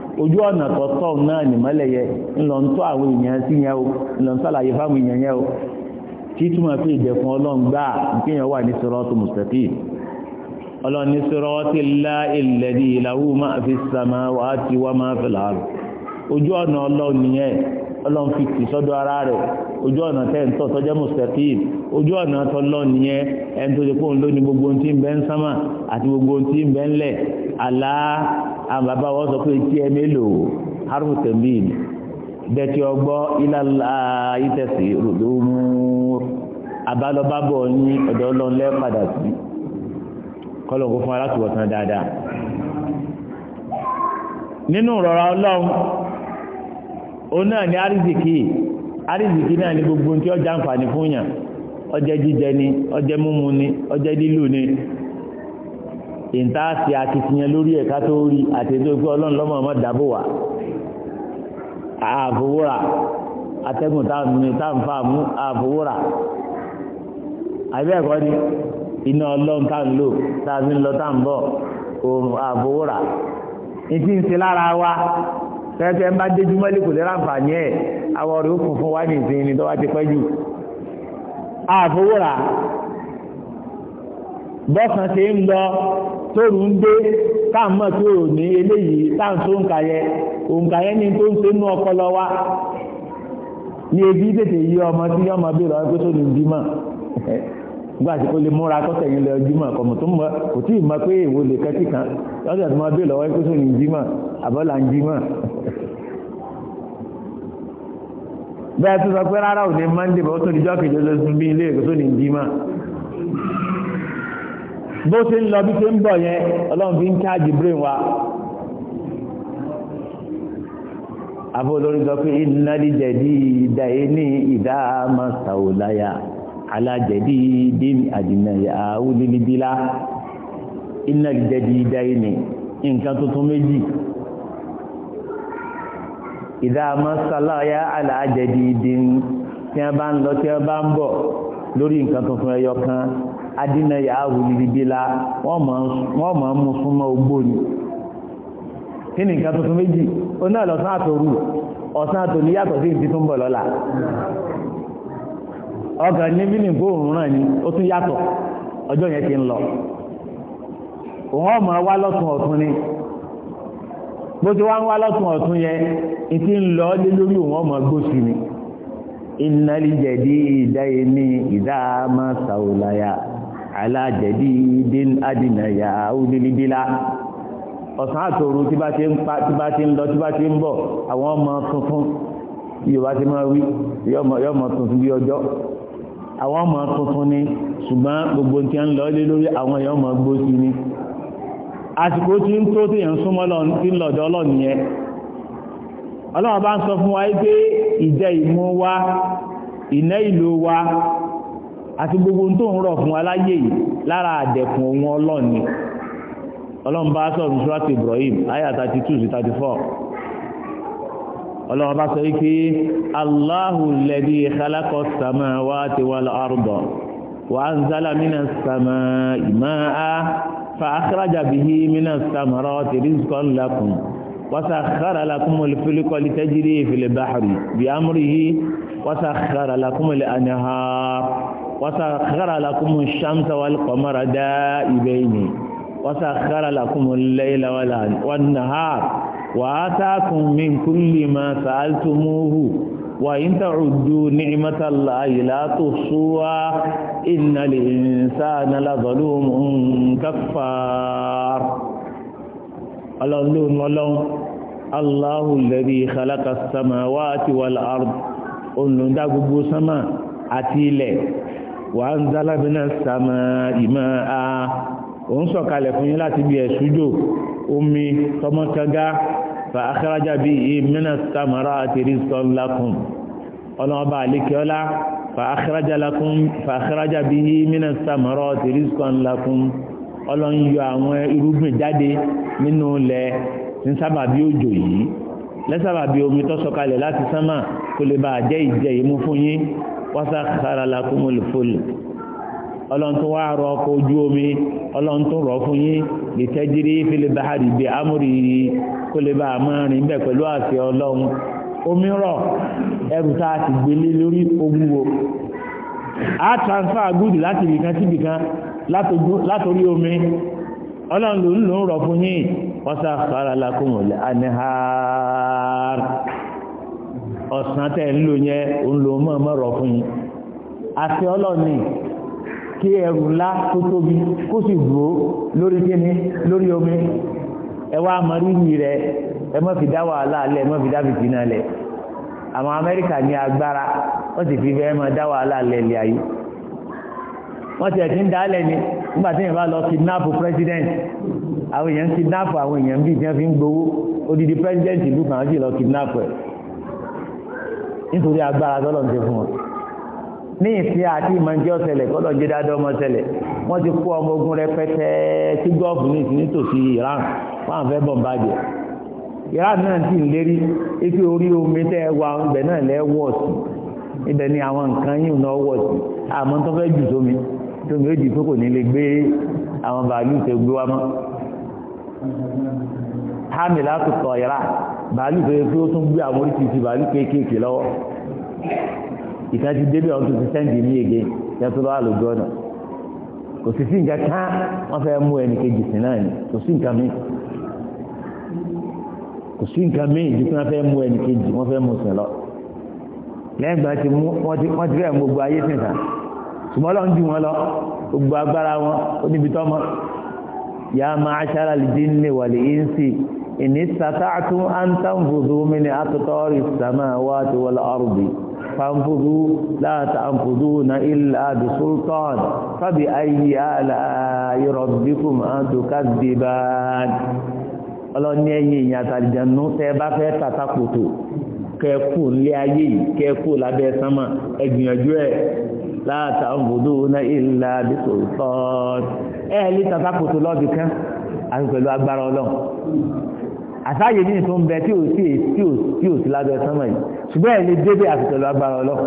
ojú ọ̀nà tọ̀tọ̀ náà nìmọ́lẹ̀ yẹ ńlọ ń tọ́ àwọn èèyàn sí yẹn o ńlọ ń sàlàyé fáwọn èèyàn yẹn o kí túmọ̀ pé ìdẹ̀kùn ọlọ́run gbà kéèyàn wà ní siratu mustaqim ọlọ́run ní sirati llahil ladhi lahu ma fi samawati wa ma fil ard ojú ọ̀nà ọlọ́run nìyẹn fi tì sọ́dọ̀ ara rẹ̀ ojú ọ̀nà tẹ́ ń tọ́ tọ́jọ́ mustaqim ojú ọ̀nà tọ́lọ́ ẹni tó ti kóun lónìí gbogbo ohun tí ń bẹ ń sánmà àti gbogbo ohun tí ń bẹ ń lẹ̀ àlá àwọn bàbá wọn sọ pé tí ẹ mélòó harufu tẹ̀mbìn bẹ́tí ọgbọ́ ìlàlá ìtẹ̀sí ròdòmú abálọ́bábọ̀ yín ọ̀dọ̀ ọlọ́nlẹ́ padà sí kọ́lọ̀kọ́ fún aláṣùwọ̀sán dáadáa nínú rọra ọlọ́run òun náà ni àrísìkì àrísìkì náà ni gbogbo tí ọjà ń fà ní fún yàn ọjẹ́ jíjẹ ni ọjẹ́ múmu ni ọjẹ́ lílù ni ìta ṣe akitiyan lórí ẹ̀ka tó rí àtẹ̀tọ́ pé ọlọ́run lọ́mọ ọmọ dábò wá àfowóra atẹ́gùn táǹfà mú àfowóra àbẹ́ẹ̀kọ́ ni iná ọlọ́run tá lò tá lọ tá bọ̀ oòrùn àfowóra ìtì ń ṣe lára wa tẹ́tẹ́ ń bá déjú mọ́lì kò lè ráǹfààní ẹ̀ àwọn ọ̀rẹ́ òkùn fún wa nìsín ni tó wá ti pẹ́ jù àfowóra bọ́sàn ṣe ń lọ tóru ń dé táàmọ̀ tí ò ní eléyìí táà tó ń kàyẹ ni tó ń ṣe ọkọ ọpọlọ wa ní ebi tètè yí ọmọ tí ọmọ bí rọ tó ní bímọ gba àsìkò lè múra tọ́tẹ̀ yín lọ jímọ̀ kọ̀mọ̀ tó mọ̀ kò tí ì mọ̀ pé èwo lè kẹ́tì kan lọ́dọ̀ tó máa bí lọ́wọ́ tó ní àbọ́là ń bẹ́ẹ̀ tó sọ pé rárá ò ní mọ́ndé bọ́ tó ní bí ilé tó ní bó ṣe ń lọ bí ṣe ń bọ̀ yẹn ọlọ́run fi ń chájì brain wa abó olórí sọ pé ìnáríjẹ̀dí ìdá ẹni ìdá masàóláyà alájẹ̀dí ìdí àdìnàyà àwúlélébílá ìnáríjẹ̀dí ìdá ẹni nǹkan tuntun méjì ìdá masàóláyà alájẹ̀dí ala tí wọ́n bá ń lọ tí bá ń adínayà awùlìrìbìlà wọ́n mọ̀ ń mú súnmọ́ ogbó ni kí ni nǹkan tuntun méjì ó náà lọ́sán àtòrú ọ̀sán àtòrú yàtọ̀ sí ìdí tó ń bọ̀ lọ́la ọkàn ní bí nìkó òun ni ó tún yàtọ̀ ọjọ́ yẹn ti ń lọ wá lọ́tún ọ̀tún ni bó ti wá ń wá lọ́tún ọ̀tún yẹn ń lọ lé lórí òun ọmọ alájẹ̀dí adìnà yà áwùdílídílá ọ̀sán àtòru tí bá ti ń pa tí bá ti ń lọ tí bá ti ń bọ̀ àwọn ọmọ tuntun yorùbá ti máa wí yọmọ tuntun bí ọjọ́ àwọn ọmọ tuntun ni ṣùgbọ́n gbogbo tí a ń lọ lé lórí àwọn èèyàn ọmọ gbó sí ni àsìkò tí ń tó tèèyàn súnmọ́ lọ sí lọ́dọ̀ ọlọ́nìyẹn ọlọ́run bá ń sọ fún wa pé ìjẹ ìmú wa ìná ìlú wa àti gbogbo tó ń rọ̀ fún aláyé yìí lára àdẹ̀kùn ohun ọlọ́run ni ọlọ́run bá sọ̀rọ̀ sùràtì Ibrahim ayà 32 sí 34 ọlọ́run bá sọ wípé Allahu lẹ́dí khalaqa samawati wal arda wa anzala minas samai ma'a fa akhraja bihi minas samarati rizqan lakum وسخر لكم الفلك لتجري في البحر بأمره وسخر وسخر لكم الشمس والقمر دائبين وسخر لكم الليل والنهار وآتاكم من كل ما سألتموه وإن تعدوا نعمة الله لا تحصوها إن الإنسان لظلوم كفار الله الله الله الذي خلق السماوات والأرض أن ندعو بسما أتيله wà á ń zálábínà sàmà ìmọ̀ a òun sọ̀kalẹ̀ fún yín láti bí ẹ̀ṣújò omi tọmọkanga fa akhraja bí ìmìnà sàmàrà àti rizqan lakum ọlọ́ọ̀bá àlékẹ́ọ́lá fa akhraja lakum fa akhraja bí ìmìnà sàmàrà àti rizqan lakum ọlọ́nyọ àwọn irúgbìn jáde nínú ilẹ̀ ní sábàbí òjò yìí lẹ́sàbàbí omi tó láti sánmà kó lè bá jẹ́ ìjẹ ìmú fún yín wasakhara lakumul fulk ọlọ́run tó wá rọ ọkọ̀ ojú omi ọlọ́run tó rọ fún yín litajri fil bahari bi amrihi kó lè bá a máa rìn bẹ́ẹ̀ pẹ̀lú àṣẹ ọlọ́run omi rọ ẹrù tá a ti gbélé lórí owúwo a transfer good láti ibìkan sí ibìkan látòrí omi ọlọ́run ló ń lò ń rọ fún yín wasakhara lakumul ọ̀sán tẹ̀ ń lò yẹn òun lò mọ́ mọ́rọ̀ fún yín àti ọlọ́ọ̀ni kí ẹrù ńlá tó tóbi kó sì dúró lórí kíni lórí omi ẹwà rẹ ẹ má fi dá wàhálà lẹ̀ ẹ fi dá lẹ̀ àwọn amẹ́ríkà ní agbára wọ́n sì fi fẹ́ mọ́ dá wàhálà lẹ̀ lẹ̀ ayé wọ́n ti ni nígbàtí ìyẹn bá lọ kidnap president àwọn èèyàn kidnap àwọn èèyàn fi nítorí agbára tọ́lọ̀ ń ti fún wọn ní ìsìn àti ìmọ̀jẹ́ ọ̀sẹ̀lẹ̀ kọ́lọ̀ jẹ́ dáadọ́ ọmọ ọ̀sẹ̀lẹ̀ wọ́n ti kó ọmọ ogun rẹpẹtẹ sí gọ́ọ̀fù ní ìsìn nítòsí Iran wọ́n fẹ́ bọ̀ bàjẹ́ Iran náà ti ń lérí ife orí omi tẹ́ wa ibẹ̀ náà lẹ́ wọ̀ sí ibẹ̀ ni àwọn nǹkan yìí náà wọ̀ sí àmọ́ tó fẹ́ jù sómi tómi ó jì pé kò ní lè gbé àwọn bàálù tó hàmì látòtọ̀ ìrà bàálù tó yẹ pé ó tún gbé àwọn oríṣiríṣi bàálù kéékèèké lọ́wọ́ ìtàn ti débẹ̀ ọ̀tún ti sẹ́ǹdì ní ege yẹtọ́ lọ́wọ́ àlòjù ọ̀nà kò sì sí nǹkan ká wọ́n fẹ́ mú ẹnì kejì sí náà ni kò sí nǹkan mi kò sí nǹkan mi ìdí tí wọ́n fẹ́ mú ẹnì kejì wọ́n fẹ́ mú sìn lọ lẹ́yìn ìgbà tí wọ́n ti fẹ́ mú gbogbo ayé sìn sàn ṣùgbọ́n lọ́n jù wọ́n lọ gbogbo agbára wọn ó níbi tọ́mọ yàá máa ṣára lè dín ní wàlẹ̀ yìí ń sìn إن استطعتم أن تنفذوا من أقطار السماوات والأرض فانفذوا لا تنفذون إلا بسلطان فبأي آلاء ربكما تكذبان ọlọ́ni ẹ̀yìn èyàn àtàlìjànú tẹ́ bá fẹ́ tàtàkùtù kẹ́ẹ̀kù nílé ayé kẹ́ẹ̀kù lábẹ́ sánmà ẹgbìyànjú ẹ̀ láàtà òbòdó náà ìlà àdìsò tọ́ọ̀tì ẹ̀ẹ́lì tàtàkùtù lọ́bì àti pẹ̀lú agbára ọlọ́run àsáyè ní ìsún bẹ tí ò sí tí ò tí ò sí lábẹ́ sánmà yìí ṣùgbọ́n ẹ̀ lè débẹ̀ àfitẹ̀lú agbára ọlọ́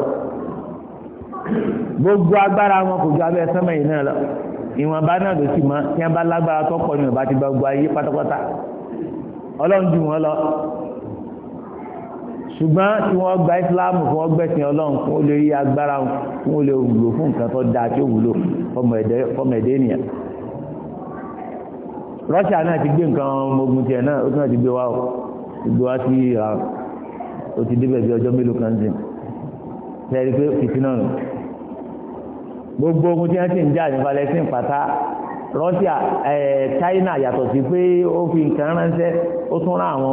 gbogbo agbára wọn kò ju abẹ́ sánmà yìí náà lọ ìwọ̀nba náà ló sì mọ tí wọ́n bá lágbára tó pọ̀ ní ọ̀bá ti gba gbogbo ayé pátápátá ọlọ́run ju wọn lọ ṣùgbọ́n tí wọ́n gba ìsìláàmù fún ọgbẹ́sìn ọlọ́run fún ó lè rí agbára wọn ó lè wúlò fún nǹkan tó dáa tí ó wúlò fọmọ ẹ̀dẹ́ ènìyàn Russia náà ti gbé nǹkan ọmọogun náà ó tún náà ti gbé wá ọ gbé wá sí ó ti débẹ̀ bí ọjọ́ mélòó kan sí gbogbo ogun tí wọ́n ti ń jà ní Palestine pàtà Russia China yàtọ̀ sí pé ó fi nǹkan ránṣẹ́ ó tún àwọn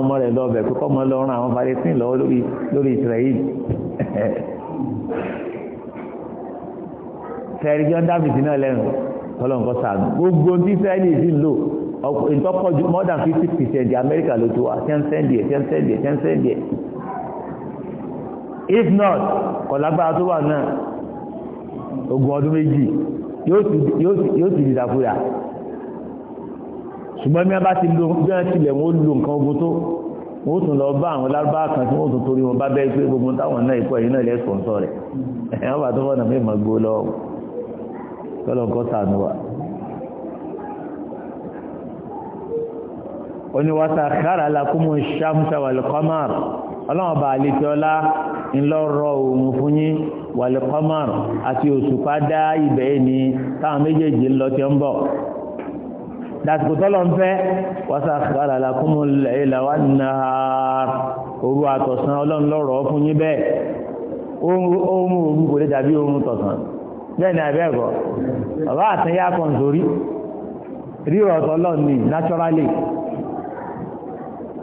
ọmọ ìtọ́kọ̀jú more than fifty percent di Amẹ́ríkà ló ti wà ten cent díẹ̀ ten cent díẹ̀ ten cent díẹ̀ if not kọ̀lágbára tó wà náà ogún ọdún méjì yóò sì dìdàkúyà ṣùgbọ́n bí wọ́n bá ti lo bí wọ́n tilẹ̀ wọ́n lo nǹkan ogun tó wọ́n tún lọ bá àwọn lárúbáwá kan tí wọ́n tún torí wọn bá bẹ́ẹ̀ pé gbogbo táwọn náà ikú ẹ̀yìn náà lẹ́sọ̀ọ́sọ rẹ̀ ẹ̀yìn wọn tó fọ́nà mí mọ́ gbó lọ́wọ́ kọ́lọ́ nǹkan sànù wa. oníwàsá kára lakumu shamsa wàlùkọ́màr ọlọ́wọ́n bá àlejò ọlá ńlọrọ̀ òun fún yín wàlùkọ́màr àti òṣùpá dá ibẹ̀ ni táwọn méjèèjì ń lọ tí ń bọ̀ dàsìkò tọ́lọ̀ kára lakumu lẹ́yìnlá wà nà òru àtọ̀sán ọlọ́run lọ́rọ̀ fún yín bẹ́ẹ̀ ohun òru kò lè dàbí ohun tọ̀sán bẹ́ẹ̀ ni àbẹ́ẹ̀kọ́ ọ̀rọ̀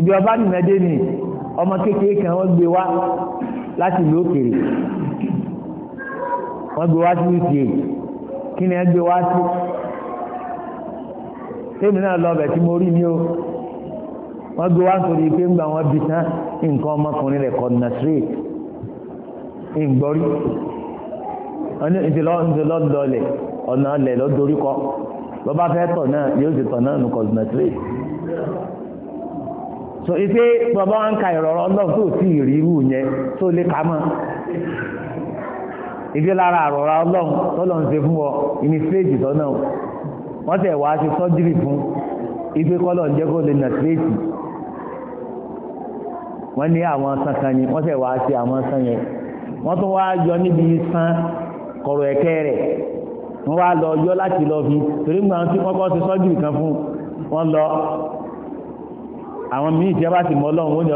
ìjọba nìmẹ́dé ni ọmọ kékeré kan wọ́n gbé wá láti ìlú òkèrè wọ́n gbé wá sí uta kí ni ẹ gbé wá sí tèmi náà tí mo rí o wọ́n gbé wá sórí pé gba wọn bí tán nǹkan ọmọkùnrin rẹ̀ kọ́ nàṣírèé ìgbọ́rí ọ̀nà ọ̀nà ọ̀lẹ̀ fẹ́ tọ̀ náà yóò ti tọ̀ náà nù so ife bàbá wọn ka ìrọ̀rọ̀ ọlọ́run tó sì rí irú yẹn tó lè kà mọ́ ìdí lára àrọ̀rọ̀ ọlọ́run tọ́lọ́ ń ṣe fún ọ ìní stéèjì tọ́nà wọ́n tẹ̀ wá ṣe sọ́jírì fún ife kọ́lọ̀ ń jẹ́ kó lè nà stéèjì wọ́n ní àwọn sankan ni wọ́n tẹ̀ wá ṣe àwọn san yẹn wọ́n tún wá yọ níbi san kọ̀rọ̀ ẹ̀kẹ́ rẹ̀ wọ́n wá lọ yọ láti lọ fi torí gbà wọn tí wọ́n kọ́ ṣe sọ́jírì kan fún wọn àwọn míì tí wọ́n bá ti mọ ọlọ́run ó ní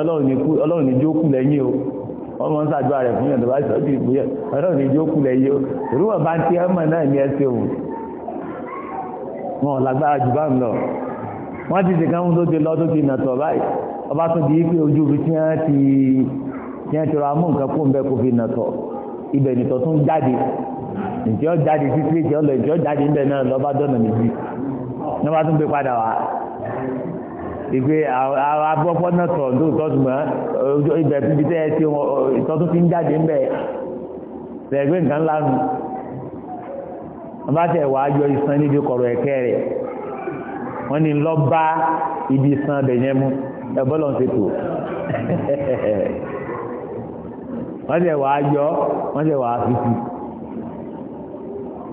ọlọ́run ní jókù lẹ́yìn o wọ́n mọ́ ń sàdúrà rẹ̀ fún yàn tó bá sọ sí ìpínlẹ̀ ọlọ́run ní jókù lẹ́yìn o ìrúwọ̀ bá ti ọmọ náà ní ẹsẹ̀ òun ti ṣèkan tó ti lọ tó ti nà tọ̀ báyìí ọba tó di pé ojú ibi tí wọ́n ti tí wọ́n ti ra ibẹ̀ nìtọ̀ tún jáde ǹjẹ́ jáde títí ìjẹ́ ọ lọ ìjẹ́ jáde ń bẹ̀ náà lọ́ba dọ̀nà méjì ní wọ́n bá tún gbé padà wá ìgbé abọ́fọ́ náà sọ̀rọ̀ tó tọ́tùmọ̀ ibẹ̀ ibi tẹ́ ẹ ti ìtọ́tún ti ń jáde ń bẹ̀ lẹ́gbẹ́ nǹkan lánàá wọ́n bá tẹ̀ wá yọ iṣan níbi kọ̀rọ̀ ẹ̀kẹ́ rẹ̀ wọ́n ní lọ bá ibi iṣan abẹ̀ yẹn mú ẹ̀bọ́lọ̀ ń ṣètò wọ́n tẹ̀ wá yọ wọ́n tẹ̀ wá fífi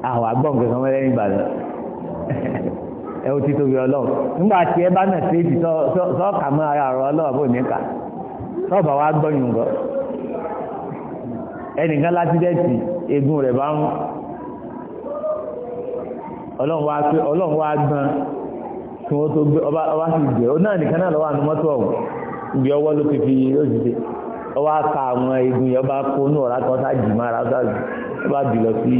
àwọn agbọ̀ǹkẹ̀kẹ́ wọn lẹ́yìn ìbàdàn ẹ ó ti tóbi ọlọ́run nígbà tí ẹ bá nà sọ́ọ̀kà mọ́ ara ọ̀rọ̀ ọlọ́run bò sọ́ọ̀bà wa gbọ́yìn gbọ́ ẹnìkan láti dẹ́tì egun rẹ̀ bá ń ọlọ́run wa gbọ́n wọ́n tó ọba sì ọ náà nìkan náà lọ́wọ́ mọ́tò ọ̀hún ibi ọwọ́ ló fi ọwọ́ àwọn egun yẹn ọba kó ọ̀rá jì máa ra ọba lọ sí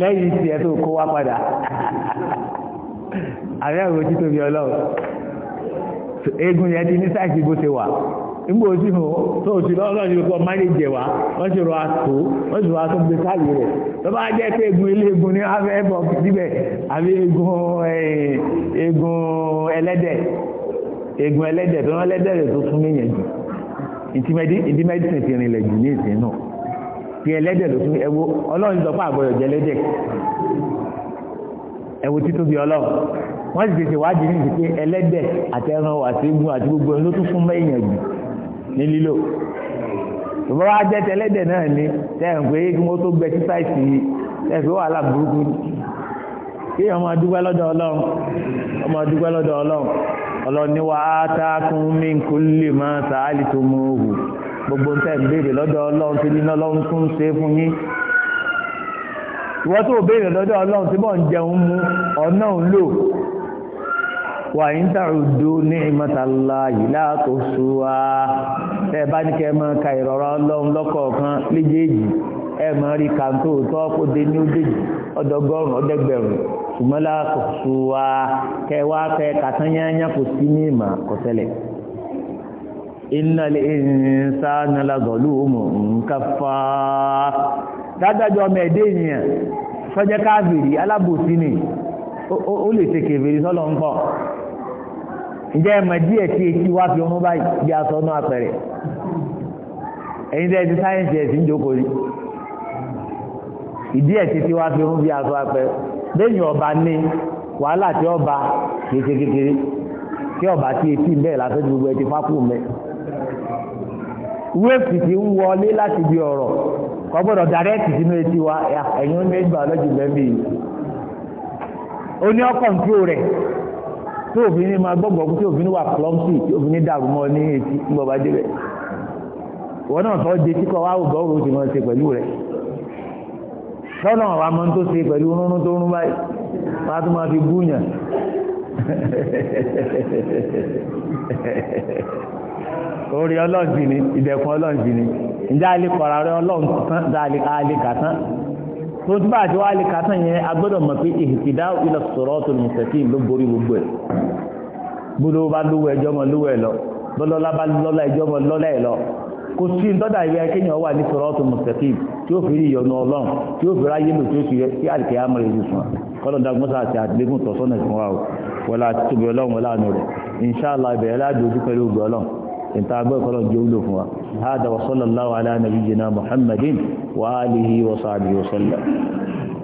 lẹ́yìn tí ẹ tó kó wá padà àrẹ òjì tó bí ọlọ́run eégún yẹn ti ní sáìsì bó ṣe wà nígbà ojú mi tó ti lọ́rọ̀ ní ọkọ̀ mánéjì wa wọ́n ti rọ àtò wọ́n ti rọ àtò gbé sáàyè rẹ̀ tó bá jẹ́ pé eégún eléégún ní afẹ́ ẹ̀bọ̀ síbẹ̀ àbí eégún eégún ẹlẹ́dẹ̀ eégún ẹlẹ́dẹ̀ tó rán ẹlẹ́dẹ̀ rẹ̀ tó fún mí jù ìdí mẹ́dísìn ti rìnlẹ̀ jù ní ìsìn náà fi ẹlẹ́dẹ̀ ló fún ẹwọ́ ọlọ́run àgbọ̀yọ̀ jẹ ẹlẹ́dẹ̀ ẹwọ́ títóbi ọlọ́run wọ́n sì tètè wá ní ìdí pé ẹlẹ́dẹ̀ àtẹran àti egun àti gbogbo ẹni ló tún fún mẹ́yìn wa jẹ́ náà ni pé kí wọ́n tó gbẹ ẹ̀fẹ́ wàhálà burúkú kí ọmọ lọ́dọ̀ gbogbo nǹkan ń béèrè lọ́dọ̀ ọlọ́run tí nínú ọlọ́run tún ń ṣe fún yín ìwọ́n tó béèrè lọ́dọ̀ ọlọ́run tí bọ́ọ̀ ń jẹun mú ọ̀nà ń lò wà ń tàrúdú ní ìmọ̀tàlá yìí láàtò ṣúwá ẹ bá ní kẹ mọ́ ka ìrọ̀rọ̀ ọlọ́run lọ́kọ̀ọ̀kan léjèèjì ẹ mọ́ rí kàńtó tó kó dé ní òjèèjì ọdọgọ́rùn ọdẹgbẹ̀rún ṣùgbọ́n láàtò ṣúwá kẹ wá fẹ́ kàtányányá kò sí ní ìmọ̀ àkọsẹ́lẹ̀ innal insana lazalumun kafar dájájọ́ ọmọ ẹ̀dẹ́ ènìyàn sọ́jẹ́ káàbìrì alábòsí ni ó lè ṣe kèfèrè sọ́lọ ń pọ̀ ǹjẹ́ ẹ̀mọ̀ díẹ̀ tí etí wá fi ọmọ báyìí bí aṣọ náà apẹ̀rẹ̀ ẹ̀yin ọba tí ọba tí ọba gbogbo ti fákùn wéèpì ti ń wọlé láti di ọ̀rọ̀ kò dàrẹ́ẹ̀tì sínú etí wa ẹ̀yin ní bàọ́lọ́jì lẹ́mí yìí ó rẹ̀ tí òfin máa gbọ́gbọ́ tí òfin wà plọ́msì tí òfin dàrú mọ́ ní etí débẹ̀ náà tọ́ de tíkọ̀ wá ògbọ́ òru ti máa ṣe pẹ̀lú rẹ̀ tọ́nà wa máa tó ṣe pẹ̀lú rúnrún tó rún báyìí wọ́n fi gúnyàn orí ọlọ́ọ̀jì ni ìdẹ̀kùn ọlọ́ọ̀jì ni ǹjẹ́ alẹ́kọ̀ọ́ra rẹ ọlọ́ọ̀n tán dáalẹ́ka tán tó ń bá àti wá alẹ́ka tán yẹn agbọ́dọ̀ mọ̀ pé ìhìkìdá ila siratul mustaqim ló borí gbogbo ẹ̀ bọ́lọ́ bá lówó ẹjọ́ mọ́ lówó ẹ̀ lọ bọ́lọ́lá bá lọ́lá ẹjọ́ mọ́ lọ́lá ẹ̀ lọ kò sí ntọ́dà ìwé akéèyàn wà ní siratul mustaqim tí ó fi rí ìyọnu ọlọ́run tí ó fi ráyé rẹ̀ inṣàlá ìbẹ̀rẹ̀ láti ojú pẹ̀lú ògbẹ́ ان انتعبوا يقولون جولوكم هذا وصلى الله على نبينا محمد وآله وصحبه وسلم